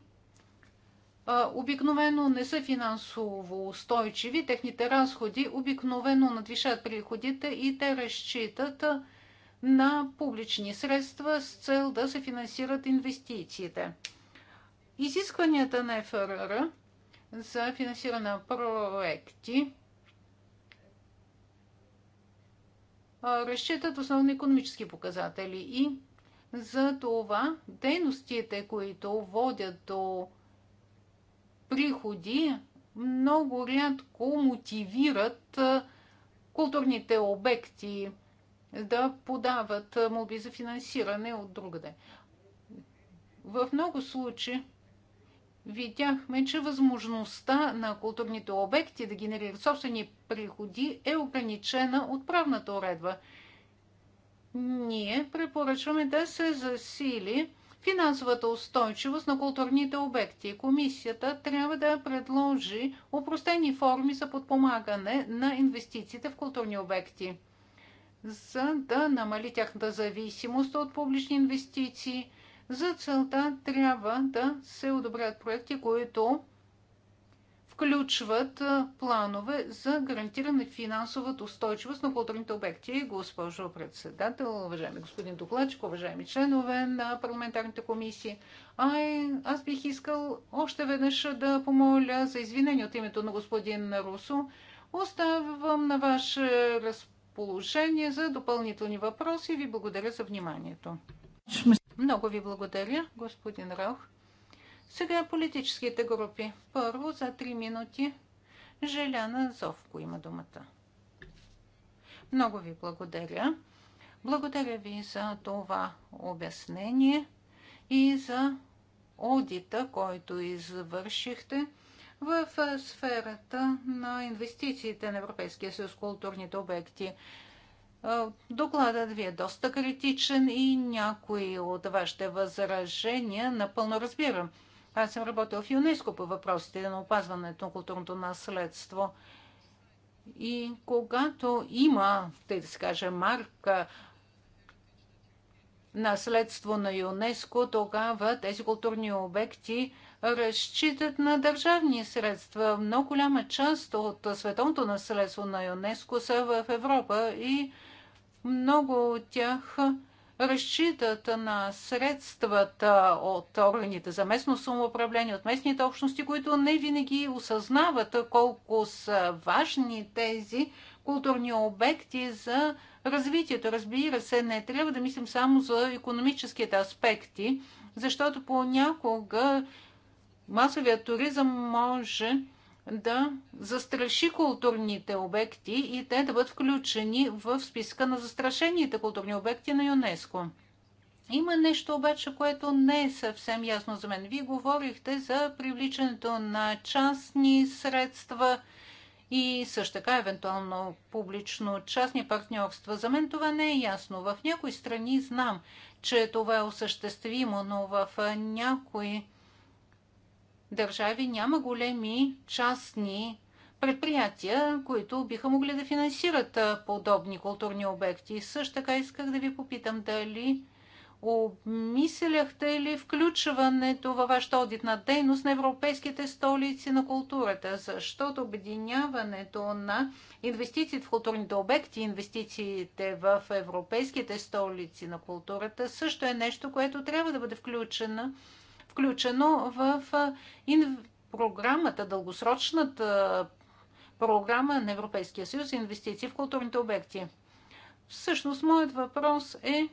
обикновено не са финансово устойчиви, техните разходи обикновено надвишат приходите и те разчитат на публични средства с цел да се финансират инвестициите. Изискванията на ФРР за финансиране на проекти разчитат основни економически показатели и за това дейностите, които водят до приходи, много рядко мотивират културните обекти да подават моби за финансиране от другаде. В много случаи видяхме, че възможността на културните обекти да генерират собствени приходи е ограничена от правната уредба. Ние препоръчваме да се засили финансовата устойчивост на културните обекти. Комисията трябва да предложи упростени форми за подпомагане на инвестициите в културни обекти, за да намали тяхната зависимост от публични инвестиции – за целта трябва да се одобрят проекти, които включват планове за гарантиране финансовата устойчивост на културните обекти. Госпожо председател, уважаеми господин докладчик, уважаеми членове на парламентарните комисии, ай, аз бих искал още веднъж да помоля за извинение от името на господин Русо. Оставам на ваше разположение за допълнителни въпроси. Ви благодаря за вниманието. Много ви благодаря, господин Рох. Сега политическите групи. Първо за три минути Желяна Зовко има думата. Много ви благодаря. Благодаря ви за това обяснение и за одита, който извършихте в сферата на инвестициите на Европейския съюз, културните обекти. Е, докладът ви е доста критичен и някои от вашите възражения напълно разбирам. Аз съм работил в ЮНЕСКО по въпросите на опазването на културното наследство. И когато има, тъй да се каже, марка наследство на ЮНЕСКО, тогава тези културни обекти разчитат на държавни средства. Много голяма част от световното наследство на ЮНЕСКО са в Европа и много от тях разчитат на средствата от органите за местно самоуправление, от местните общности, които не винаги осъзнават колко са важни тези културни обекти за развитието. Разбира се, не трябва да мислим само за економическите аспекти, защото понякога масовият туризъм може да застраши културните обекти и те да бъдат включени в списка на застрашените културни обекти на ЮНЕСКО. Има нещо обаче, което не е съвсем ясно за мен. Вие говорихте за привличането на частни средства и също така евентуално публично-частни партньорства. За мен това не е ясно. В някои страни знам, че това е осъществимо, но в някои държави няма големи частни предприятия, които биха могли да финансират подобни културни обекти. Също така исках да ви попитам дали обмисляхте ли включването във вашата одитна дейност на европейските столици на културата, защото обединяването на инвестициите в културните обекти, инвестициите в европейските столици на културата също е нещо, което трябва да бъде включено включено в програмата, дългосрочната програма на Европейския съюз за инвестиции в културните обекти. Всъщност, моят въпрос е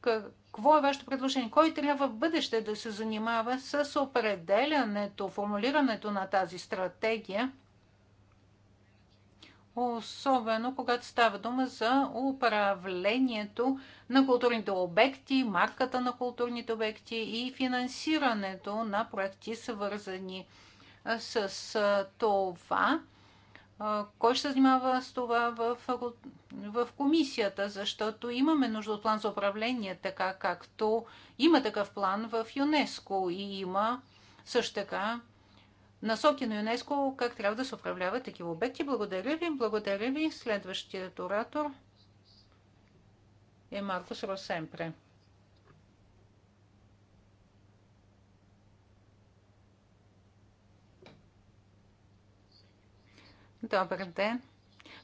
какво е вашето предложение? Кой трябва в бъдеще да се занимава с определянето, формулирането на тази стратегия особено когато става дума за управлението на културните обекти, марката на културните обекти и финансирането на проекти, свързани с това. Кой ще се занимава с това в, в комисията, защото имаме нужда от план за управление, така както има такъв план в ЮНЕСКО и има също така насоки на ЮНЕСКО как трябва да се управляват такива обекти. Благодаря ви. Благодаря ви. Следващият оратор е Маркус Росемпре. Добър ден!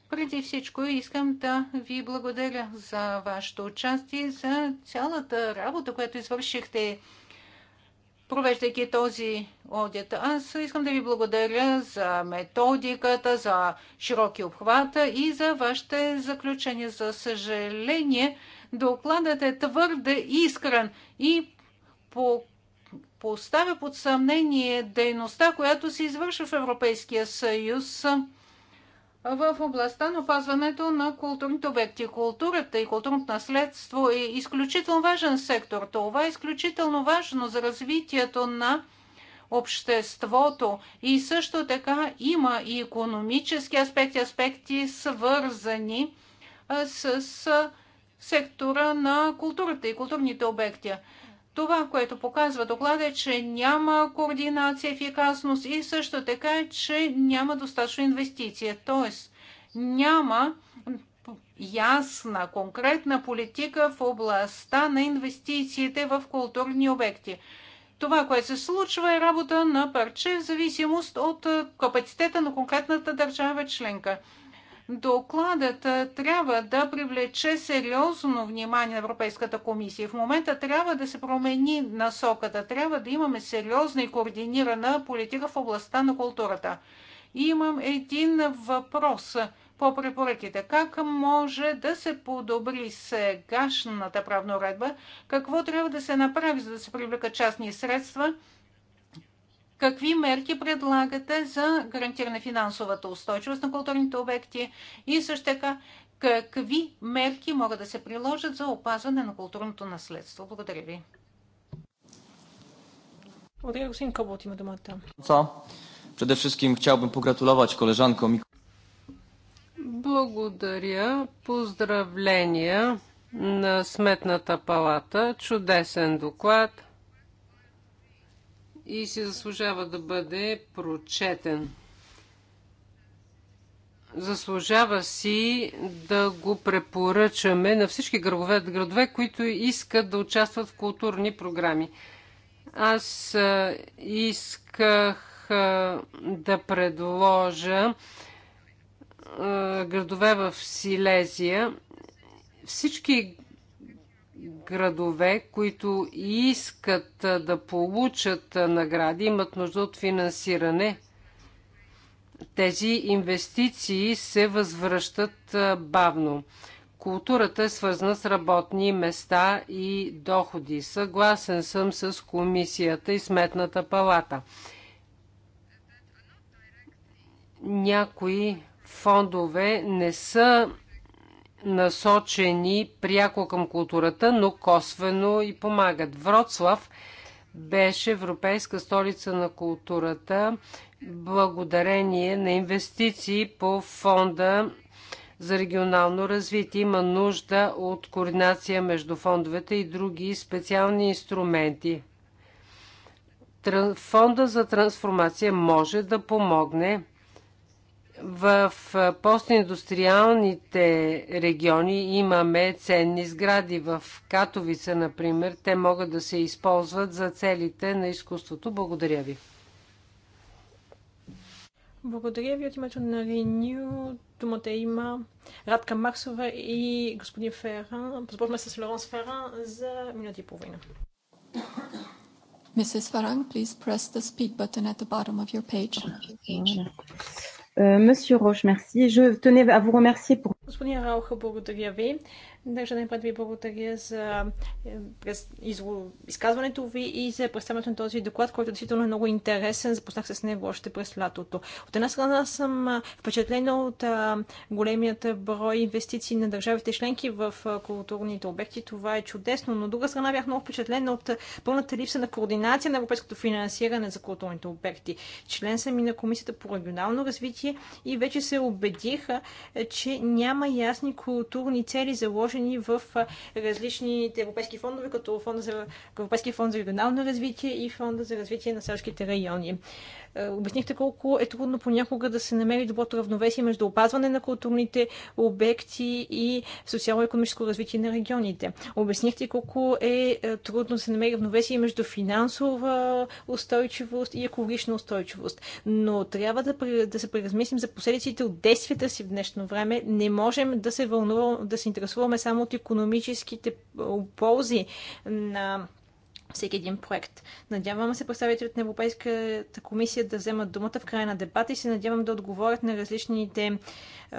Преди всичко искам да ви благодаря за вашето участие, за цялата работа, която извършихте провеждайки този одит. Аз искам да ви благодаря за методиката, за широки обхвата и за вашите заключения. За съжаление, докладът е твърде искрен и по поставя под съмнение дейността, която се извършва в Европейския съюз в областта на опазването на културните обекти. Културата и културното наследство е изключително важен сектор. Това е изключително важно за развитието на обществото и също така има и економически аспекти, аспекти свързани с сектора на културата и културните обекти. Това, което показва доклада е, че няма координация, ефикасност и също така, че няма достатъчно инвестиция. Тоест, няма ясна, конкретна политика в областта на инвестициите в културни обекти. Това, което се случва е работа на парче в зависимост от капацитета на конкретната държава членка докладът трябва да привлече сериозно внимание на Европейската комисия. В момента трябва да се промени насоката. Трябва да имаме сериозна и координирана политика в областта на културата. И имам един въпрос по препоръките. Как може да се подобри сегашната правна уредба? Какво трябва да се направи, за да се привлекат частни средства – какви мерки предлагате за гарантиране финансовата устойчивост на културните обекти и също така какви мерки могат да се приложат за опазване на културното наследство. Благодаря ви. Благодаря, господин Кобот, има думата. Przede wszystkim chciałbym pogratulować koleżankom. Благодаря. Поздравления на Сметната палата. Чудесен доклад и си заслужава да бъде прочетен. Заслужава си да го препоръчаме на всички градове, градове които искат да участват в културни програми. Аз исках да предложа градове в Силезия. Всички градове, които искат да получат награди, имат нужда от финансиране. Тези инвестиции се възвръщат бавно. Културата е свързана с работни места и доходи. Съгласен съм с комисията и сметната палата. Някои фондове не са насочени пряко към културата, но косвено и помагат. Вроцлав беше Европейска столица на културата благодарение на инвестиции по фонда за регионално развитие. Има нужда от координация между фондовете и други специални инструменти. Фонда за трансформация може да помогне в постиндустриалните региони имаме ценни сгради. В Катовица, например, те могат да се използват за целите на изкуството. Благодаря ви. Благодаря ви от името на Реню. Думата има Радка Максова и господин Феран. Позволихме с Лоренс Феран за минути и половина. Mrs. Farang, please press the speak button at the bottom of your page. Monsieur Roche, merci. Je tenais à vous remercier pour... Господин Рауха, благодаря ви. Държа най-пред ви благодаря за е, изказването ви и за представянето на този доклад, който действително е много интересен. Запознах се с него още през лятото. От една страна съм е, впечатлена от е, големият брой инвестиции на държавите членки в културните обекти. Това е чудесно, но от друга страна бях много впечатлена от пълната липса на координация на европейското финансиране за културните обекти. Член съм и на Комисията по регионално развитие и вече се убедиха, че няма ясни културни цели заложени включени в различните европейски фондове, като фонда за Европейския фонд за регионално развитие и фонда за развитие на селските райони. Е, обяснихте колко е трудно понякога да се намери доброто равновесие между опазване на културните обекти и социално-економическо развитие на регионите. Обяснихте колко е, е трудно да се намери равновесие между финансова устойчивост и екологична устойчивост. Но трябва да, да се преразмислим за последиците от действията си в днешно време. Не можем да се вълнуваме, да се интересуваме само от економическите ползи на всеки един проект. Надявам се представителите на Европейската комисия да вземат думата в края на дебата и се надявам да отговорят на различните е,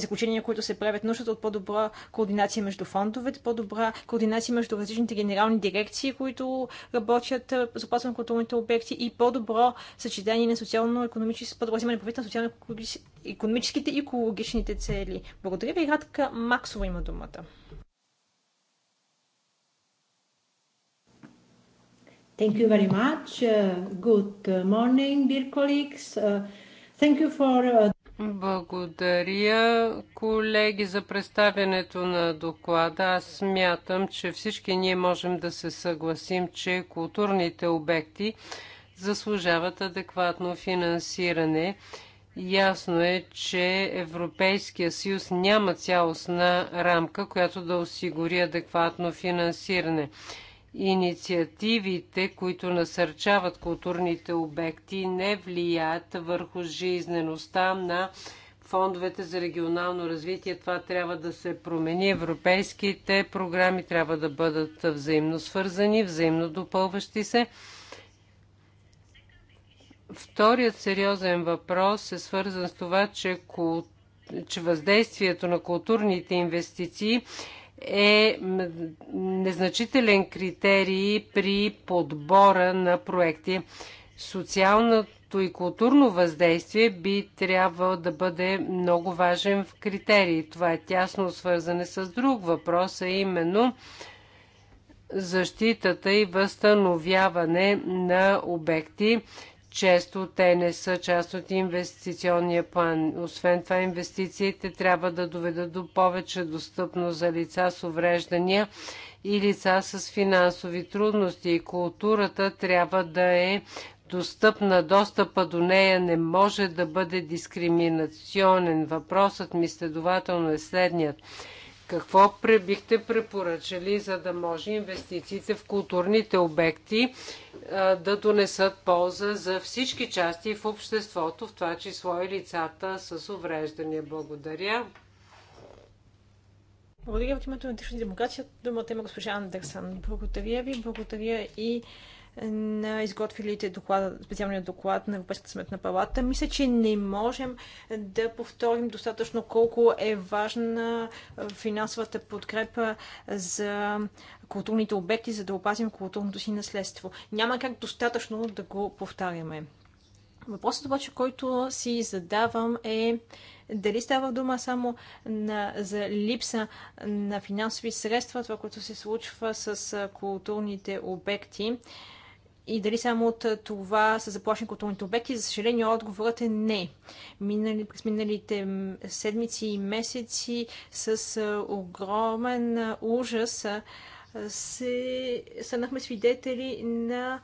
заключения, които се правят нуждата от по-добра координация между фондовете, по-добра координация между различните генерални дирекции, които работят е, за опасване на културните обекти и по-добро съчетание на социално-економическите, по-добро вземане на социално-економическите и екологичните цели. Благодаря ви, Радка Максова има думата. Thank you very much. Uh, good uh, morning, dear colleagues. Uh, thank you for... Благодаря, колеги, за представянето на доклада. Аз смятам, че всички ние можем да се съгласим, че културните обекти заслужават адекватно финансиране. Ясно е, че Европейския съюз няма цялостна рамка, която да осигури адекватно финансиране инициативите, които насърчават културните обекти, не влияят върху жизнеността на фондовете за регионално развитие. Това трябва да се промени. Европейските програми трябва да бъдат взаимно свързани, взаимно допълващи се. Вторият сериозен въпрос е свързан с това, че, кул... че въздействието на културните инвестиции е незначителен критерий при подбора на проекти. Социалното и културно въздействие би трябвало да бъде много важен в критерии. Това е тясно свързане с друг въпрос, а именно защитата и възстановяване на обекти, често те не са част от инвестиционния план. Освен това, инвестициите трябва да доведат до повече достъпност за лица с увреждания и лица с финансови трудности. И културата трябва да е достъпна. Достъпа до нея не може да бъде дискриминационен. Въпросът ми следователно е следният какво бихте препоръчали, за да може инвестициите в културните обекти да донесат полза за всички части в обществото, в това число и лицата с увреждания? Благодаря. Благодаря от името на Тишна демокрация. Думата има госпожа Андерсън. Благодаря ви, благодаря и на изготвилите доклад, специалния доклад на Европейската сметна палата. Мисля, че не можем да повторим достатъчно колко е важна финансовата подкрепа за културните обекти, за да опазим културното си наследство. Няма как достатъчно да го повтаряме. Въпросът обаче, който си задавам е дали става дума само на, за липса на финансови средства, това, което се случва с културните обекти и дали само от това са заплашени културните обекти. За съжаление, отговорът е не. Минали, през миналите седмици и месеци с огромен ужас се станахме свидетели на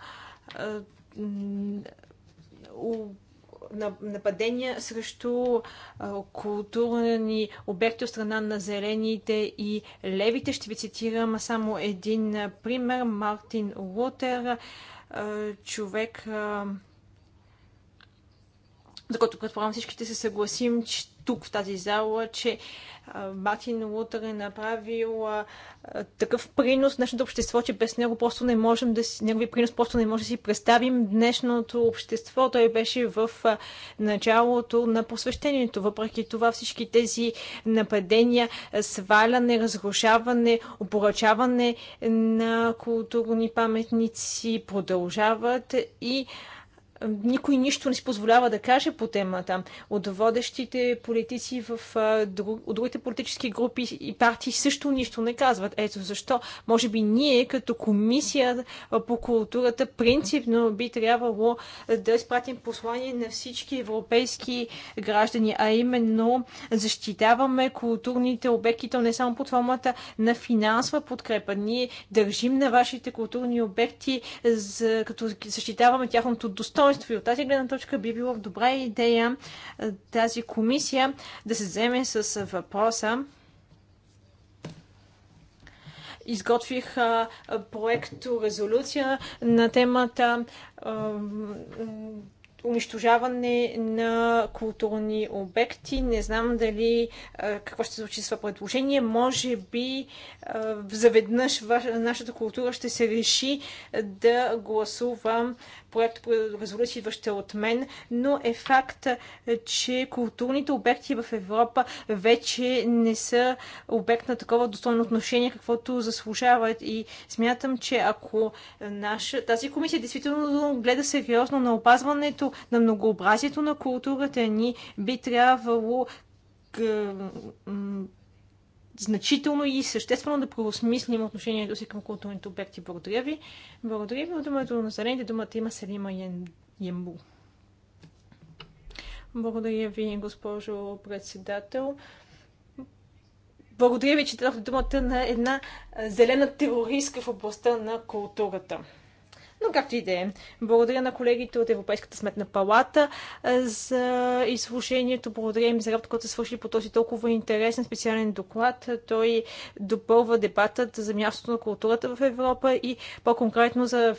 нападения срещу културни обекти от страна на зелените и левите. Ще ви цитирам само един пример. Мартин Лутер човек, за който предполагам всичките се съгласим, че тук в тази зала, че Мартин Лутър е направил а, такъв принос в нашето общество, че без него просто не можем да си, негови принос просто не може да си представим днешното общество. Той беше в а, началото на посвещението. Въпреки това всички тези нападения, сваляне, разрушаване, опоръчаване на културни паметници продължават и никой нищо не си позволява да каже по темата. От водещите политици в от другите политически групи и партии също нищо не казват. Ето защо. Може би ние, като комисия по културата, принципно би трябвало да изпратим послание на всички европейски граждани, а именно защитаваме културните обекти, то не само под формата на финансова подкрепа. Ние държим на вашите културни обекти, за, като защитаваме тяхното достоинство достоинство. И от тази гледна точка би било добра идея тази комисия да се вземе с въпроса изготвих а, проекто резолюция на темата а, унищожаване на културни обекти. Не знам дали а, какво ще се с това предложение. Може би заведнъж ваша, нашата култура ще се реши да гласува проект е, резолюция, идваща от мен, но е факт, е, че културните обекти в Европа вече не са обект на такова достойно отношение, каквото заслужават. И смятам, че ако наша, тази комисия действително гледа сериозно на опазването на многообразието на културата ни, би трябвало значително и съществено да правосмислим отношението си към културните обекти. Благодаря ви. Благодаря ви от думата на зелените. Думата има Селима Ембу. Благодаря ви, госпожо председател. Благодаря ви, че дадохте думата на една зелена терористка в областта на културата. Но както и да е. Благодаря на колегите от Европейската сметна палата за изслушението. Благодаря им за работа, която са свършили по този толкова интересен специален доклад. Той допълва дебатът за мястото на културата в Европа и по-конкретно за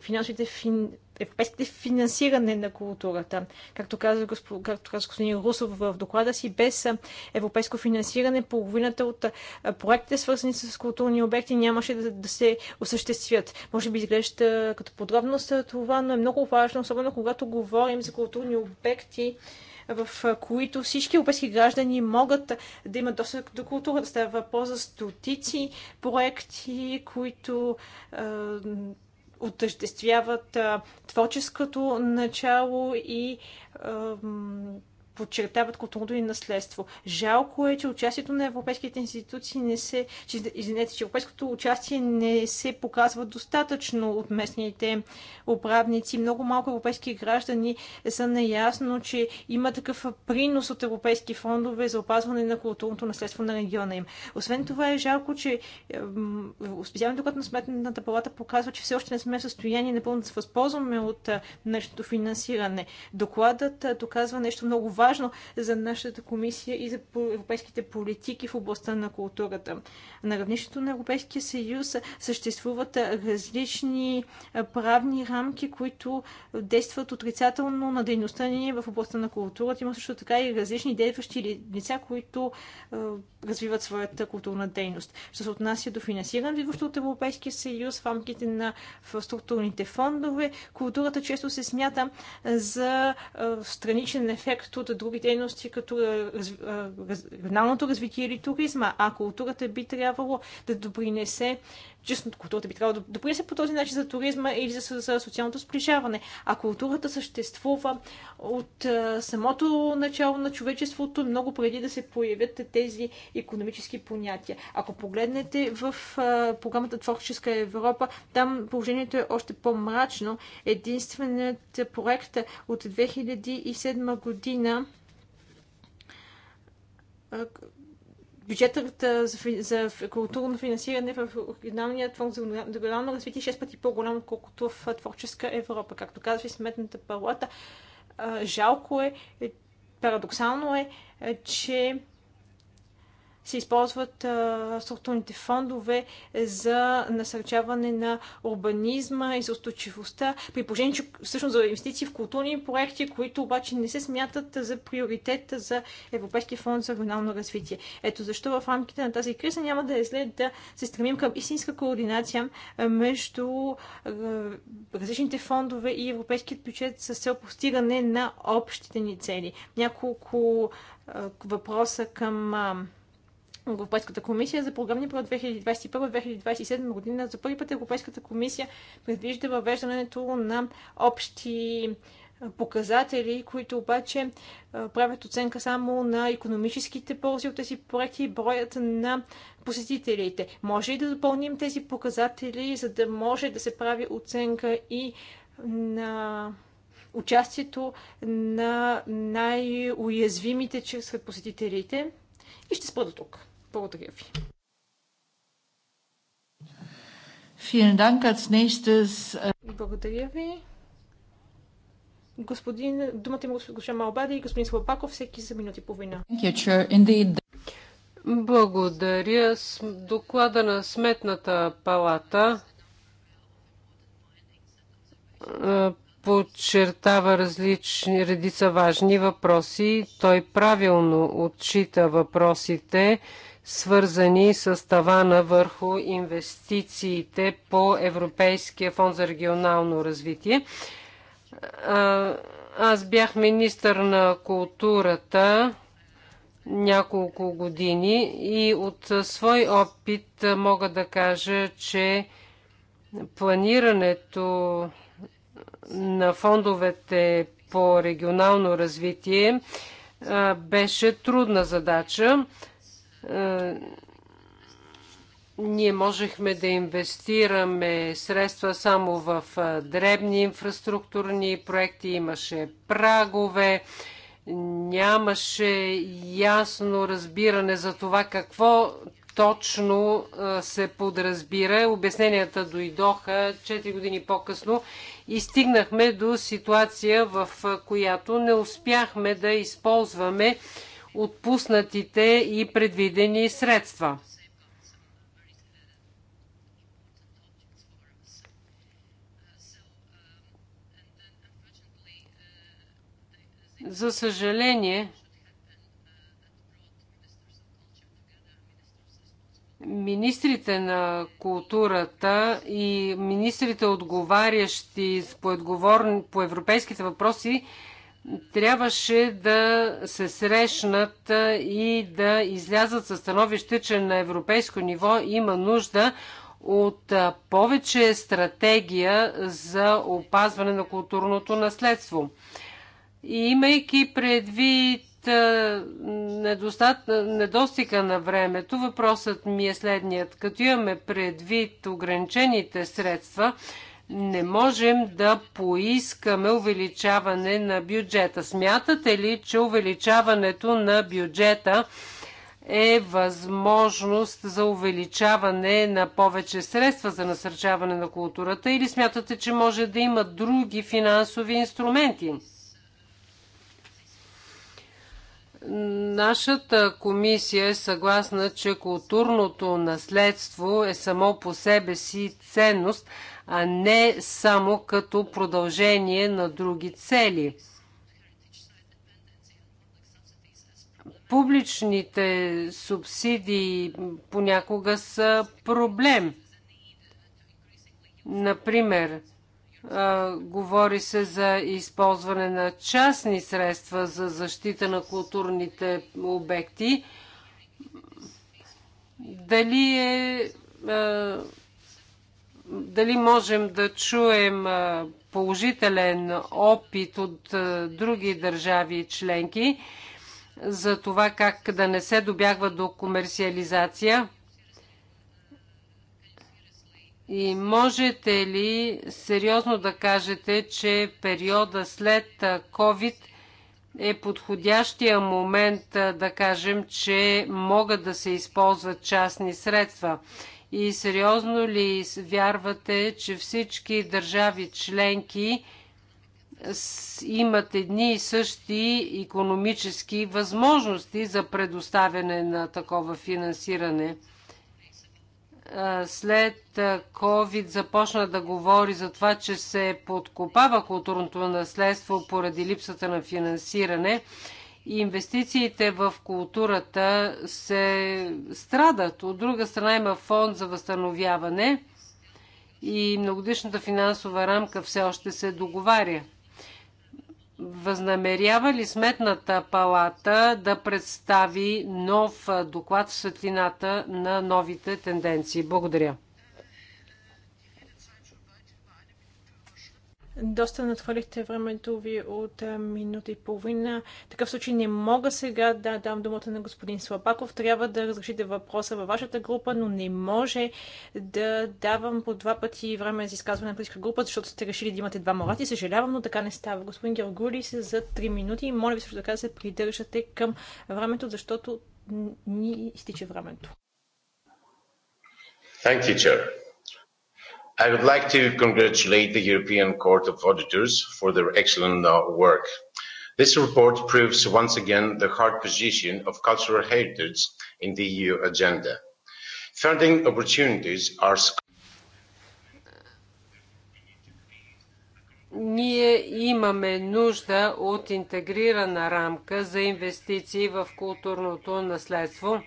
финансовите фин европейските финансиране на културата. Както каза, както каза господин Русов в доклада си, без европейско финансиране половината от проектите, свързани с културни обекти, нямаше да, да се осъществят. Може би изглежда като подробност това, но е много важно, особено когато говорим за културни обекти, в които всички европейски граждани могат да имат достъп до култура, Да става въпрос за стотици проекти, които е, отъждествяват творческото начало и подчертават културното ни наследство. Жалко е, че участието на европейските институции не се, че, извинете, че европейското участие не се показва достатъчно от местните управници. Много малко европейски граждани са наясно, че има такъв принос от европейски фондове за опазване на културното наследство на региона им. Освен това е жалко, че специалният доклад на Сметната палата показва, че все още не сме в състояние напълно да се възползваме от е, нашето финансиране. Докладът е, доказва нещо много важно важно за нашата комисия и за европейските политики в областта на културата. На равнището на Европейския съюз съществуват различни правни рамки, които действат отрицателно на дейността ни в областта на културата. Има също така и различни действащи лица, които развиват своята културна дейност. Що се отнася до финансиране, идващо от Европейския съюз в рамките на структурните фондове, културата често се смята за страничен ефект от други дейности, като регионалното развитие или туризма. А културата би трябвало да допринесе честно културата би трябвало да допринесе по този начин за туризма или за, за социалното сближаване. А културата съществува от а, самото начало на човечеството, много преди да се появят тези економически понятия. Ако погледнете в програмата Творческа Европа, там положението е още по-мрачно. Единственият проект от 2007 година бюджетът за, за културно финансиране в оригиналния фонд за регионално развитие 6 е пъти по-голям, отколкото в Творческа Европа. Както казва и Сметната палата, жалко е, е, парадоксално е, е че се използват структурните фондове за насърчаване на урбанизма и за устойчивостта, при положение, че всъщност за инвестиции в културни проекти, които обаче не се смятат за приоритет за Европейския фонд за регионално развитие. Ето защо в рамките на тази криза няма да е след да се стремим към истинска координация между различните фондове и европейският бюджет с цел постигане на общите ни цели. Няколко въпроса към Европейската комисия за програмния период 2021-2027 година. За първи път Европейската комисия предвижда въвеждането на общи показатели, които обаче правят оценка само на економическите ползи от тези проекти и броят на посетителите. Може и да допълним тези показатели, за да може да се прави оценка и на участието на най-уязвимите чрез посетителите. И ще спра до тук. Благодаря ви. Äh, Благодаря ви. Господин, думата има госпожа Малбади и господин Слабаков, всеки за минути и половина. Благодаря. Доклада на Сметната палата подчертава различни редица важни въпроси. Той правилно отчита въпросите, свързани с тавана върху инвестициите по Европейския фонд за регионално развитие. Аз бях министър на културата няколко години и от свой опит мога да кажа, че планирането на фондовете по регионално развитие беше трудна задача. Е, ние можехме да инвестираме средства само в е, дребни инфраструктурни проекти, имаше прагове, нямаше ясно разбиране за това какво точно е, се подразбира. Обясненията дойдоха 4 години по-късно и стигнахме до ситуация, в която не успяхме да използваме отпуснатите и предвидени средства. За съжаление, министрите на културата и министрите отговарящи по, по европейските въпроси трябваше да се срещнат и да излязат със становище, че на европейско ниво има нужда от повече стратегия за опазване на културното наследство. И имайки предвид недостат, недостига на времето, въпросът ми е следният. Като имаме предвид ограничените средства, не можем да поискаме увеличаване на бюджета. Смятате ли, че увеличаването на бюджета е възможност за увеличаване на повече средства за насърчаване на културата или смятате, че може да има други финансови инструменти? Нашата комисия е съгласна, че културното наследство е само по себе си ценност, а не само като продължение на други цели. Публичните субсидии понякога са проблем. Например, говори се за използване на частни средства за защита на културните обекти. Дали е. Дали можем да чуем положителен опит от други държави и членки за това как да не се добягва до комерциализация? И можете ли сериозно да кажете, че периода след COVID е подходящия момент да кажем, че могат да се използват частни средства? И сериозно ли вярвате, че всички държави членки имат едни и същи економически възможности за предоставяне на такова финансиране? след COVID започна да говори за това, че се подкопава културното наследство поради липсата на финансиране. инвестициите в културата се страдат. От друга страна има фонд за възстановяване и многодишната финансова рамка все още се договаря. Възнамерява ли Сметната палата да представи нов доклад в светлината на новите тенденции? Благодаря. Доста надхвърлихте времето ви от минута и половина. В такъв случай не мога сега да дам думата на господин Слабаков. Трябва да разрешите въпроса във вашата група, но не може да давам по два пъти време за изказване на политическа група, защото сте решили да имате два морати. Съжалявам, но така не става. Господин Георгули, се за три минути. Моля ви също така да се придържате към времето, защото ни изтича времето. Thank you, Chair. I would like to congratulate the European Court of Auditors for their excellent uh, work. This report proves once again the hard position of cultural heritage in the EU agenda. Funding opportunities are Ние имаме нужда от интегрирана рамка за инвестиции в културното наследство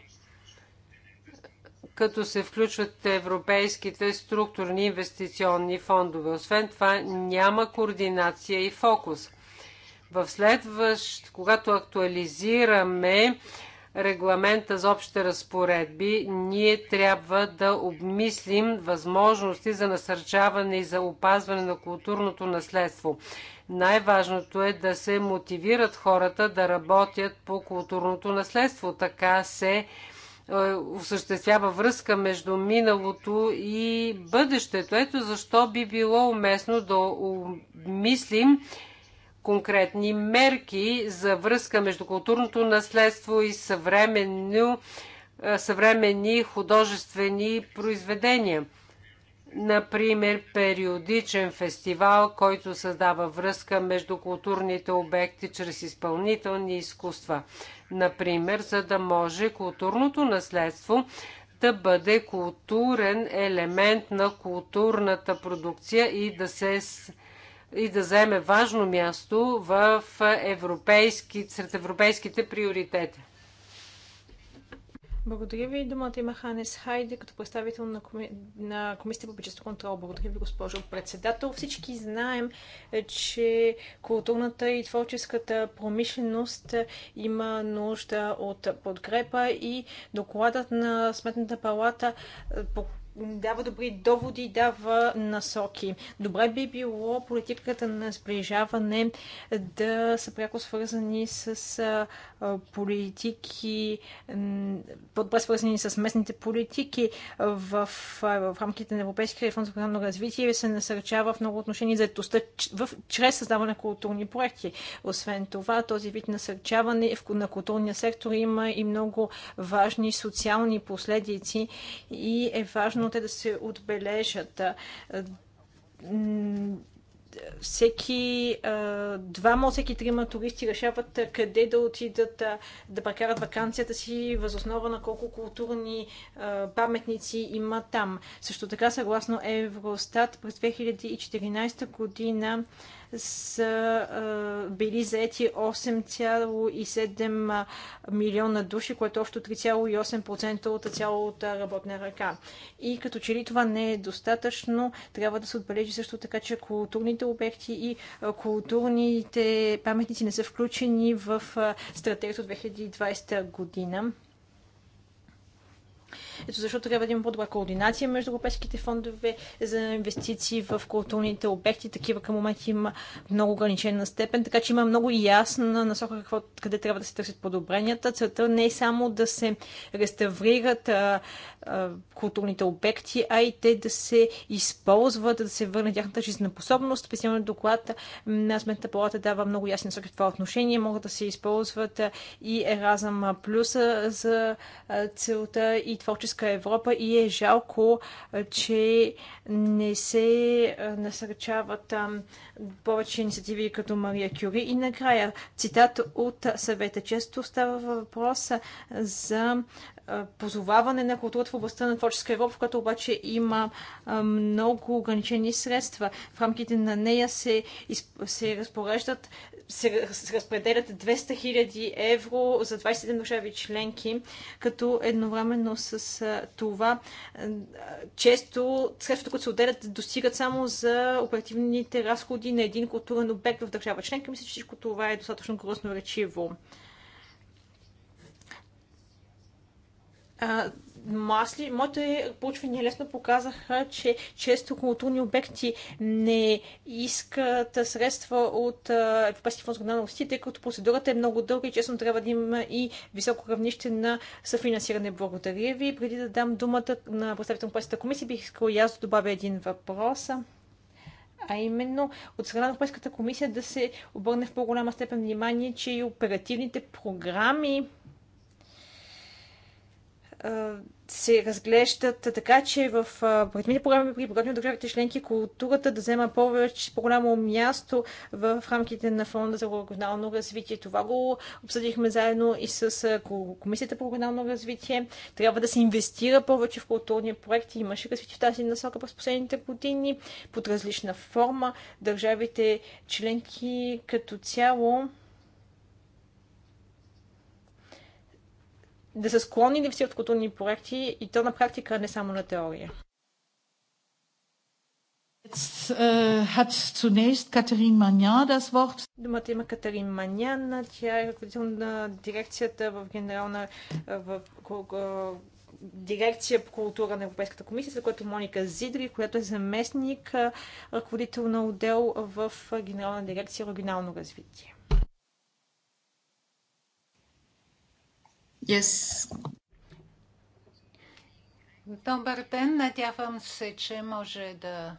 като се включват европейските структурни инвестиционни фондове. Освен това, няма координация и фокус. В следващ, когато актуализираме регламента за общите разпоредби, ние трябва да обмислим възможности за насърчаване и за опазване на културното наследство. Най-важното е да се мотивират хората да работят по културното наследство. Така се е, осъществява връзка между миналото и бъдещето. Ето защо би било уместно да мислим конкретни мерки за връзка между културното наследство и съвременни, е, съвременни художествени произведения. Например, периодичен фестивал, който създава връзка между културните обекти чрез изпълнителни изкуства например, за да може културното наследство да бъде културен елемент на културната продукция и да се и да заеме важно място в европейски, сред европейските приоритети. Благодаря ви. Думата има Ханес Хайде като представител на, коми... на Комисията по бюджетно контрол. Благодаря ви, госпожо председател. Всички знаем, че културната и творческата промишленост има нужда от подкрепа и докладът на Сметната палата дава добри доводи, дава насоки. Добре би било политиката на сближаване да са пряко свързани с политики, по-добре свързани с местните политики в, в рамките на Европейския фонд за програмно развитие се насърчава в много отношения заедостта в, чрез създаване на културни проекти. Освен това, този вид насърчаване на културния сектор има и много важни социални последици и е важно трудно те да се отбележат. Всеки двама всеки трима туристи решават къде да отидат да прекарат вакансията си, възоснова на колко културни паметници има там. Също така, съгласно Евростат, през 2014 година са били заети 8,7 милиона души, което е общо 3,8% от цялата работна ръка. И като че ли това не е достатъчно, трябва да се отбележи също така, че културните обекти и културните паметници не са включени в стратегията от 2020 година. Ето защо трябва да има по-добра координация между европейските фондове за инвестиции в културните обекти. Такива към момента има много ограничена степен, така че има много ясна насока какво, къде трябва да се търсят подобренията. Целта не е само да се реставрират а, а, културните обекти, а и те да се използват, да се върне тяхната жизнеспособност. Специалният доклад на Сметната палата дава много ясни насоки в това отношение. Могат да се използват и Еразъм Плюса за целта и творчеството творческа Европа и е жалко, че не се насърчават повече инициативи като Мария Кюри. И накрая, цитат от съвета. Често става въпрос за позоваване на културата в областта на творческа Европа, в която обаче има много ограничени средства. В рамките на нея се, се разпореждат се, разпределят 200 000 евро за 27 държави членки, като едновременно с това често средствата, които се отделят, достигат само за оперативните разходи на един културен обект в държава членка. Мисля, че всичко това е достатъчно грозно речиво. а, масли, моите получвания лесно показаха, че често културни обекти не искат средства от Европейски фонд за тъй като процедурата е много дълга и честно трябва да има и високо равнище на съфинансиране. Благодаря ви. Преди да дам думата на представител на комисия, бих искал и аз да добавя един въпрос а именно от страна на Европейската комисия да се обърне в по-голяма степен внимание, че и оперативните програми се разглеждат така, че в предмите програми при програми държавите членки културата да взема повече, по-голямо място в рамките на фонда за регионално развитие. Това го обсъдихме заедно и с Комисията по регионално развитие. Трябва да се инвестира повече в културния проект. Имаше развитие в тази насока през последните години под различна форма. Държавите членки като цяло да са склонни да инвестират в културни проекти и то на практика, не само на теория. Э, hat zunächst das Wort. Думата има Катерин Манян. Тя е ръководител на дирекцията в генерална э, в, дирекция по култура на Европейската комисия, за което Моника Зидри, която е заместник э, ръководител на отдел в генерална дирекция регионално развитие. Yes. Добър ден. Надявам се, че може да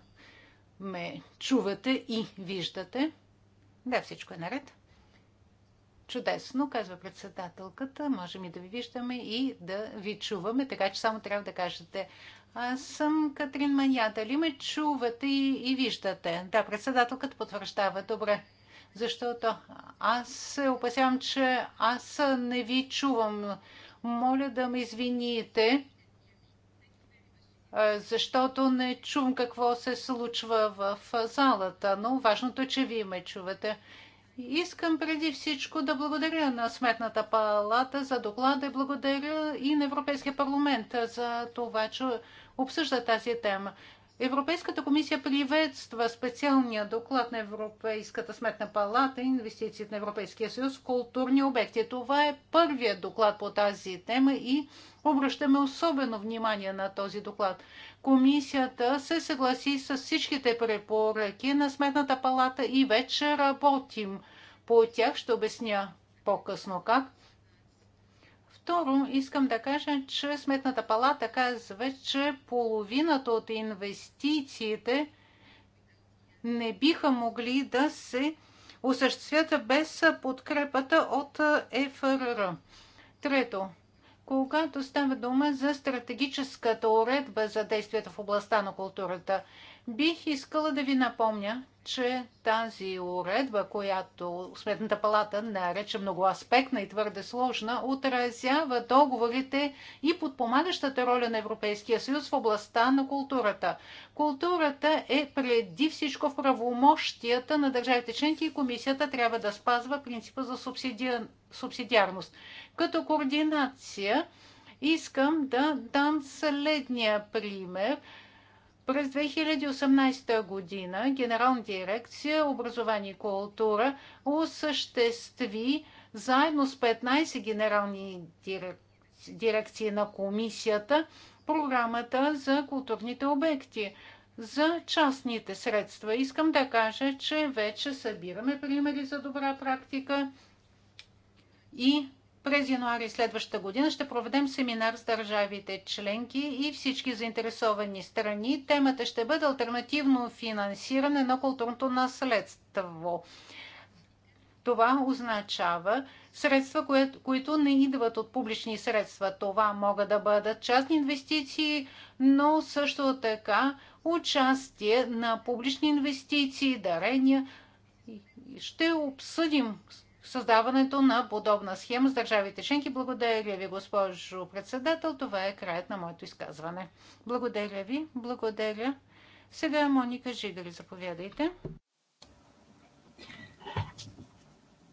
ме чувате и виждате. Да, всичко е наред. Чудесно, казва председателката. Можем и да ви виждаме и да ви чуваме, така че само трябва да кажете. Аз съм Катрин манята Дали ме чувате и, и виждате? Да, председателката потвърждава. Добре защото аз се опасявам, че аз не ви чувам. Моля да ме извините, е, защото не чувам какво се случва в залата, но важното е, че вие ме чувате. Искам преди всичко да благодаря на Сметната палата за доклада и благодаря и на Европейския парламент за това, че обсъжда тази тема. Европейската комисия приветства специалния доклад на Европейската сметна палата и инвестициите на Европейския съюз в културни обекти. Това е първият доклад по тази тема и обръщаме особено внимание на този доклад. Комисията се съгласи с всичките препоръки на Сметната палата и вече работим по тях. Ще обясня по-късно как. Второ, искам да кажа, че Сметната палата казва, че половината от инвестициите не биха могли да се осъществят без подкрепата от ФРР. Трето, когато става дума за стратегическата уредба за действията в областта на културата, Бих искала да ви напомня, че тази уредба, която Сметната палата нарече многоаспектна и твърде сложна, отразява договорите и подпомагащата роля на Европейския съюз в областта на културата. Културата е преди всичко в правомощията на държавите членки и комисията трябва да спазва принципа за субсидиарност. Като координация искам да дам следния пример – през 2018 година Генерална дирекция образование и култура осъществи заедно с 15 генерални дирекции на комисията програмата за културните обекти. За частните средства искам да кажа, че вече събираме примери за добра практика и през януари следващата година ще проведем семинар с държавите членки и всички заинтересовани страни. Темата ще бъде альтернативно финансиране на културното наследство. Това означава средства, които не идват от публични средства. Това могат да бъдат частни инвестиции, но също така участие на публични инвестиции, дарения. Ще обсъдим създаването на подобна схема с държавите членки. Благодаря ви, госпожо председател. Това е краят на моето изказване. Благодаря ви. Благодаря. Сега Моника Жигари, заповядайте.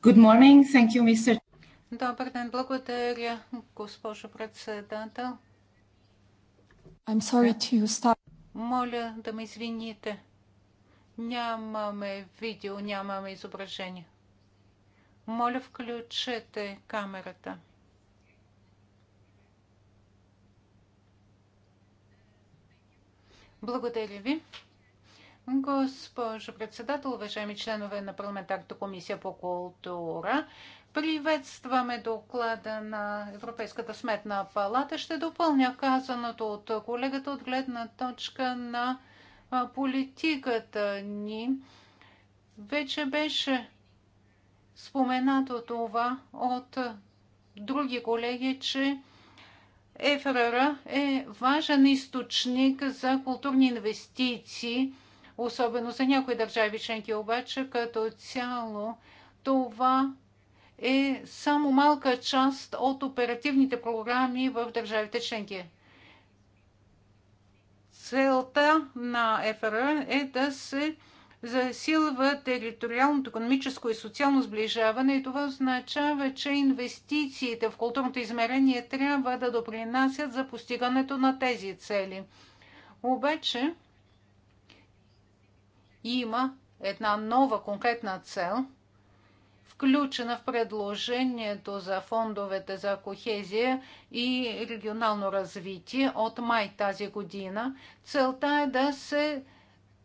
Good morning. Thank you, Mr. Добър ден. Благодаря, госпожо председател. I'm sorry to start. Моля да ме извините. Нямаме видео, нямаме изображение. Моля, включете камерата. Благодаря ви. Госпожо председател, уважаеми членове на парламентарната комисия по култура, приветстваме доклада на Европейската сметна палата. Ще допълня казаното от колегата от гледна точка на политиката ни. Вече беше споменато това от други колеги, че ФРР е важен източник за културни инвестиции, особено за някои държави членки, обаче като цяло това е само малка част от оперативните програми в държавите членки. Целта на ФРР е да се засилва териториалното економическо и социално сближаване и това означава, че инвестициите в културното измерение трябва да допринасят за постигането на тези цели. Обаче има една нова конкретна цел, включена в предложението за фондовете за кохезия и регионално развитие от май тази година. Целта е да се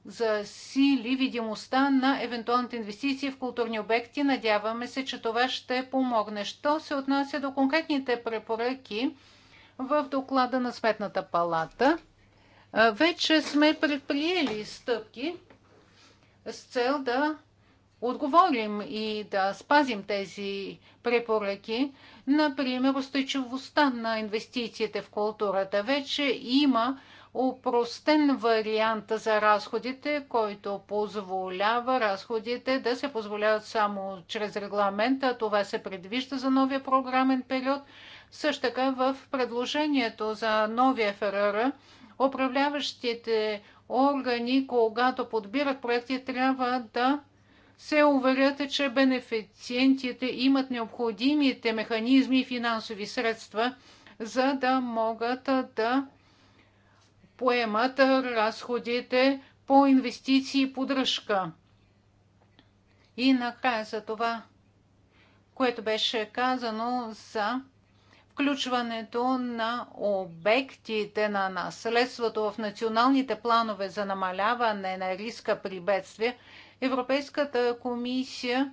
засили видимостта на евентуалните инвестиции в културни обекти. Надяваме се, че това ще помогне. Що се отнася до конкретните препоръки в доклада на Сметната палата, вече сме предприели стъпки с цел да отговорим и да спазим тези препоръки. Например, устойчивостта на инвестициите в културата. Вече има упростен вариант за разходите, който позволява разходите да се позволяват само чрез регламента. Това се предвижда за новия програмен период. Също така в предложението за новия ФРР управляващите органи, когато подбират проекти, трябва да се уверят, че бенефициентите имат необходимите механизми и финансови средства, за да могат да поемат разходите по инвестиции и поддръжка. И накрая за това, което беше казано за включването на обектите на наследството в националните планове за намаляване на риска при бедствия, Европейската комисия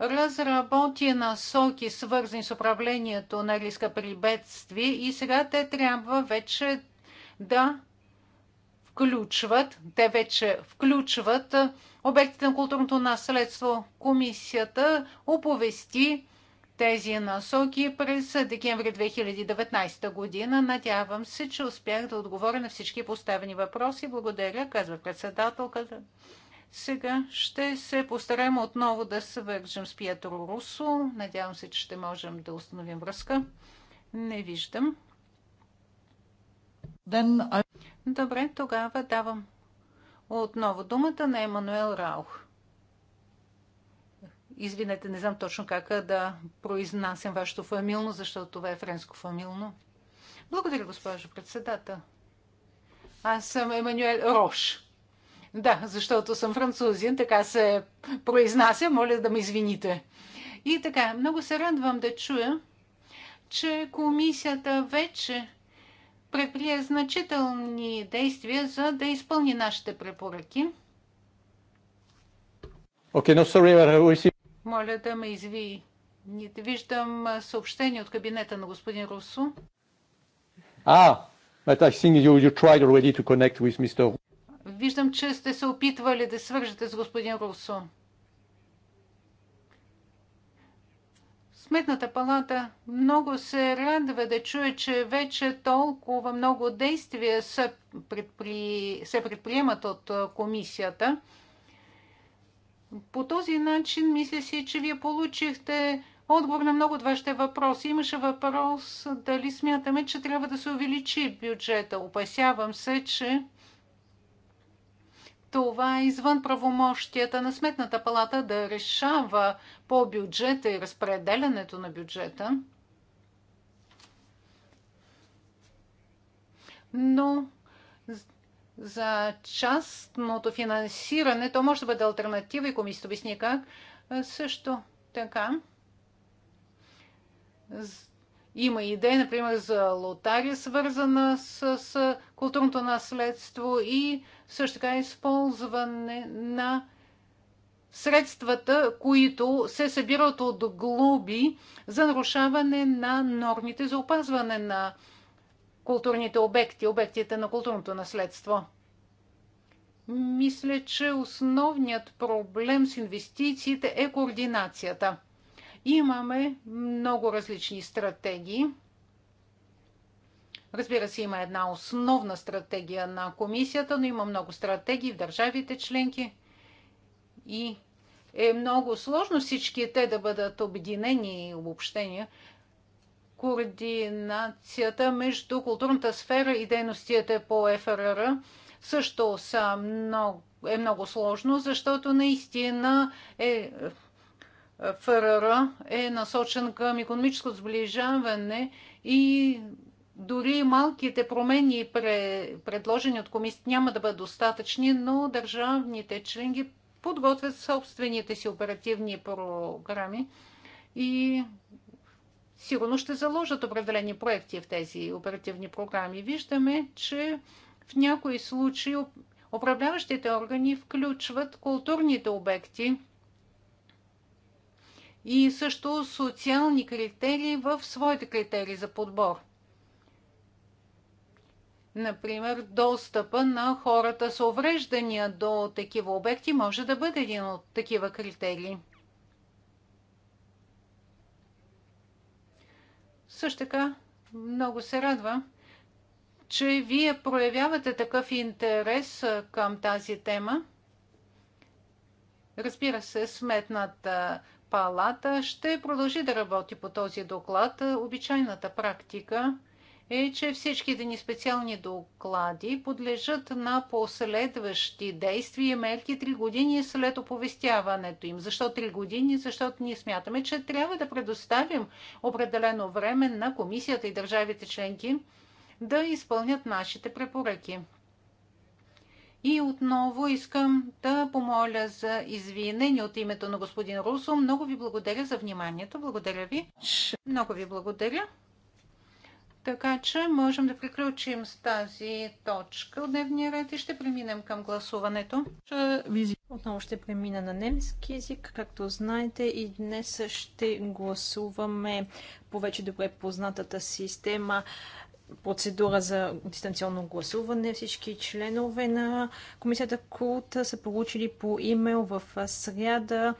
разработи насоки, свързани с управлението на риска при бедствие и сега те трябва вече да включват, те вече включват обектите на културното наследство. Комисията оповести тези насоки през декември 2019 година. Надявам се, че успях да отговоря на всички поставени въпроси. Благодаря, казва председателката. Сега ще се постараем отново да свържем с Пиетро Русо. Надявам се, че ще можем да установим връзка. Не виждам. I... Добре, тогава давам отново думата на Емануел Раух. Извинете, не знам точно как да произнасям вашето фамилно, защото това е френско фамилно. Благодаря, госпожо председател. Аз съм Емануел Рош. Да, защото съм французин, така се произнася, моля да ме извините. И така, много се радвам да чуя, че комисията вече предприе значителни действия, за да изпълни нашите препоръки. Okay, no, sorry, but... Uh, Моля да ме изви. Не Виждам съобщение от кабинета на господин Русо. А, ah, but I think you, you tried already to connect with Mr. Виждам, че сте се опитвали да свържете с господин Русо. Сметната палата много се радва да чуе, че вече толкова много действия се, предпри... се предприемат от комисията. По този начин, мисля си, че вие получихте отговор на много от вашите въпроси. Имаше въпрос дали смятаме, че трябва да се увеличи бюджета. Опасявам се, че това е извън правомощията на Сметната палата да решава по бюджета и разпределянето на бюджета, но за частното финансиране то може да бъде альтернатива и комисията обясни как. Също така има идея, например, за лотария, свързана с, с културното наследство и също така използване на средствата, които се събират от глоби за нарушаване на нормите за опазване на културните обекти, обектите на културното наследство. Мисля, че основният проблем с инвестициите е координацията. Имаме много различни стратегии. Разбира се, има една основна стратегия на комисията, но има много стратегии в държавите членки. И е много сложно всички те да бъдат обединени и обобщени. Координацията между културната сфера и дейностите по ФРР също са много, е много сложно, защото наистина е, ФРР е насочен към економическо сближаване и дори малките промени, предложени от комисията, няма да бъдат достатъчни, но държавните членки подготвят собствените си оперативни програми и сигурно ще заложат определени проекти в тези оперативни програми. Виждаме, че в някои случаи управляващите органи включват културните обекти и също социални критерии в своите критерии за подбор – Например, достъпа на хората с увреждания до такива обекти може да бъде един от такива критерии. Също така, много се радвам, че вие проявявате такъв интерес към тази тема. Разбира се, сметната палата ще продължи да работи по този доклад. Обичайната практика е, че всичките ни специални доклади подлежат на последващи действия и мерки три години след оповестяването им. Защо три години? Защото ние смятаме, че трябва да предоставим определено време на комисията и държавите членки да изпълнят нашите препоръки. И отново искам да помоля за извинение от името на господин Русо. Много ви благодаря за вниманието. Благодаря ви. Много ви благодаря. Така че можем да приключим с тази точка от дневния ред и ще преминем към гласуването. Отново ще премина на немски язик. Както знаете и днес ще гласуваме по вече добре познатата система процедура за дистанционно гласуване. Всички членове на комисията Култ са получили по имейл в сряда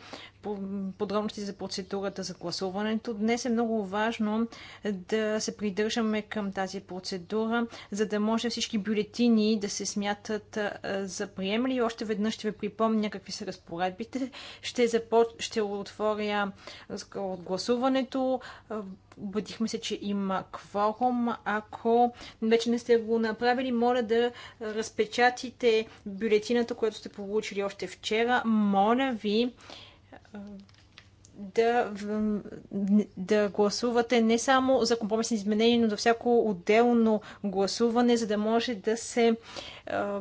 подробности за процедурата за гласуването. Днес е много важно да се придържаме към тази процедура, за да може всички бюлетини да се смятат за приемли. Още веднъж ще ви припомня какви са разпоредбите. Ще, започ... ще отворя гласуването. Убедихме се, че има кворум. Ако вече не сте го направили, моля да разпечатите бюлетината, която сте получили още вчера. Моля ви, да, да гласувате не само за компромисни изменения, но за всяко отделно гласуване, за да може да се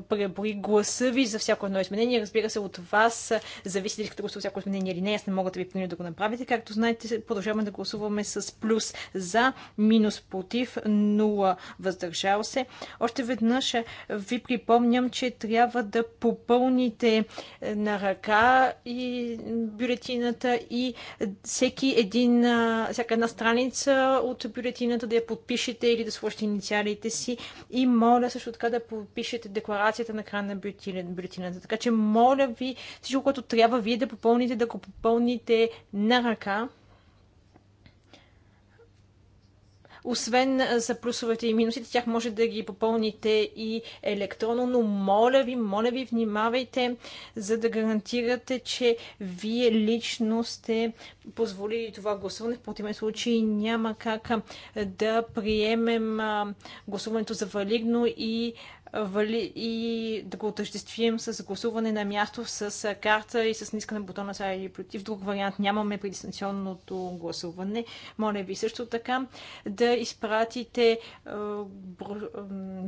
пребори гласа ви за всяко едно изменение. Разбира се, от вас зависи дали като гласува всяко изменение или не. Аз не мога да ви принудя да го направите. Както знаете, продължаваме да гласуваме с плюс за, минус против, нула въздържал се. Още веднъж ви припомням, че трябва да попълните на ръка и бюлетината и всеки един, всяка една страница от бюлетината да я подпишете или да сложите инициалите си. И моля също така да подпишете декларацията на края на бюлетината. Така че моля ви всичко, което трябва вие да попълните, да го попълните на ръка. Освен за плюсовете и минусите, тях може да ги попълните и електронно, но моля ви, моля ви, внимавайте, за да гарантирате, че вие лично сте позволили това гласуване. В противен случай няма как да приемем гласуването за валидно и вали... и да го отъществим с гласуване на място с карта и с ниска на бутона за или против. Друг вариант нямаме при дистанционното гласуване. Моля ви също така да изпратите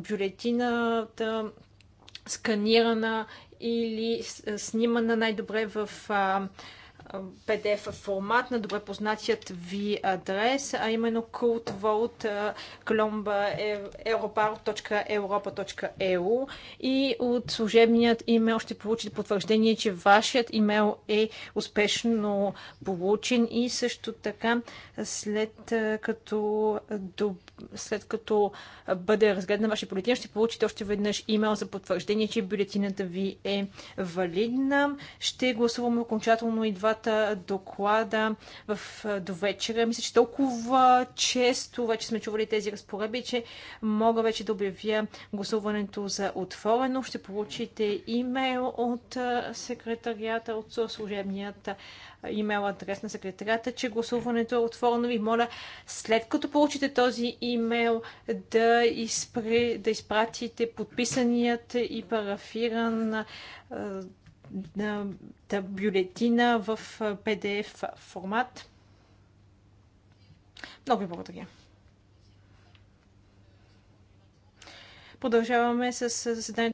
бюлетината сканирана или снимана най-добре в PDF формат на добре познатият ви адрес, а именно cultvolt.europa.eu е, и от служебният имейл ще получите потвърждение, че вашият имейл е успешно получен и също така след като, след като бъде разгледана ваша бюлетина, ще получите още веднъж имейл за потвърждение, че бюлетината ви е валидна. Ще гласуваме окончателно и два двата доклада в вечера. Мисля, че толкова често вече сме чували тези разпоръби, че мога вече да обявя гласуването за отворено. Ще получите имейл от секретарията, от служебният имейл адрес на секретарията, че гласуването е отворено. Ви моля, след като получите този имейл, да, изпре, да изпратите подписаният и парафиран бюлетина в PDF формат. Много ви благодаря. Продължаваме с заседанието.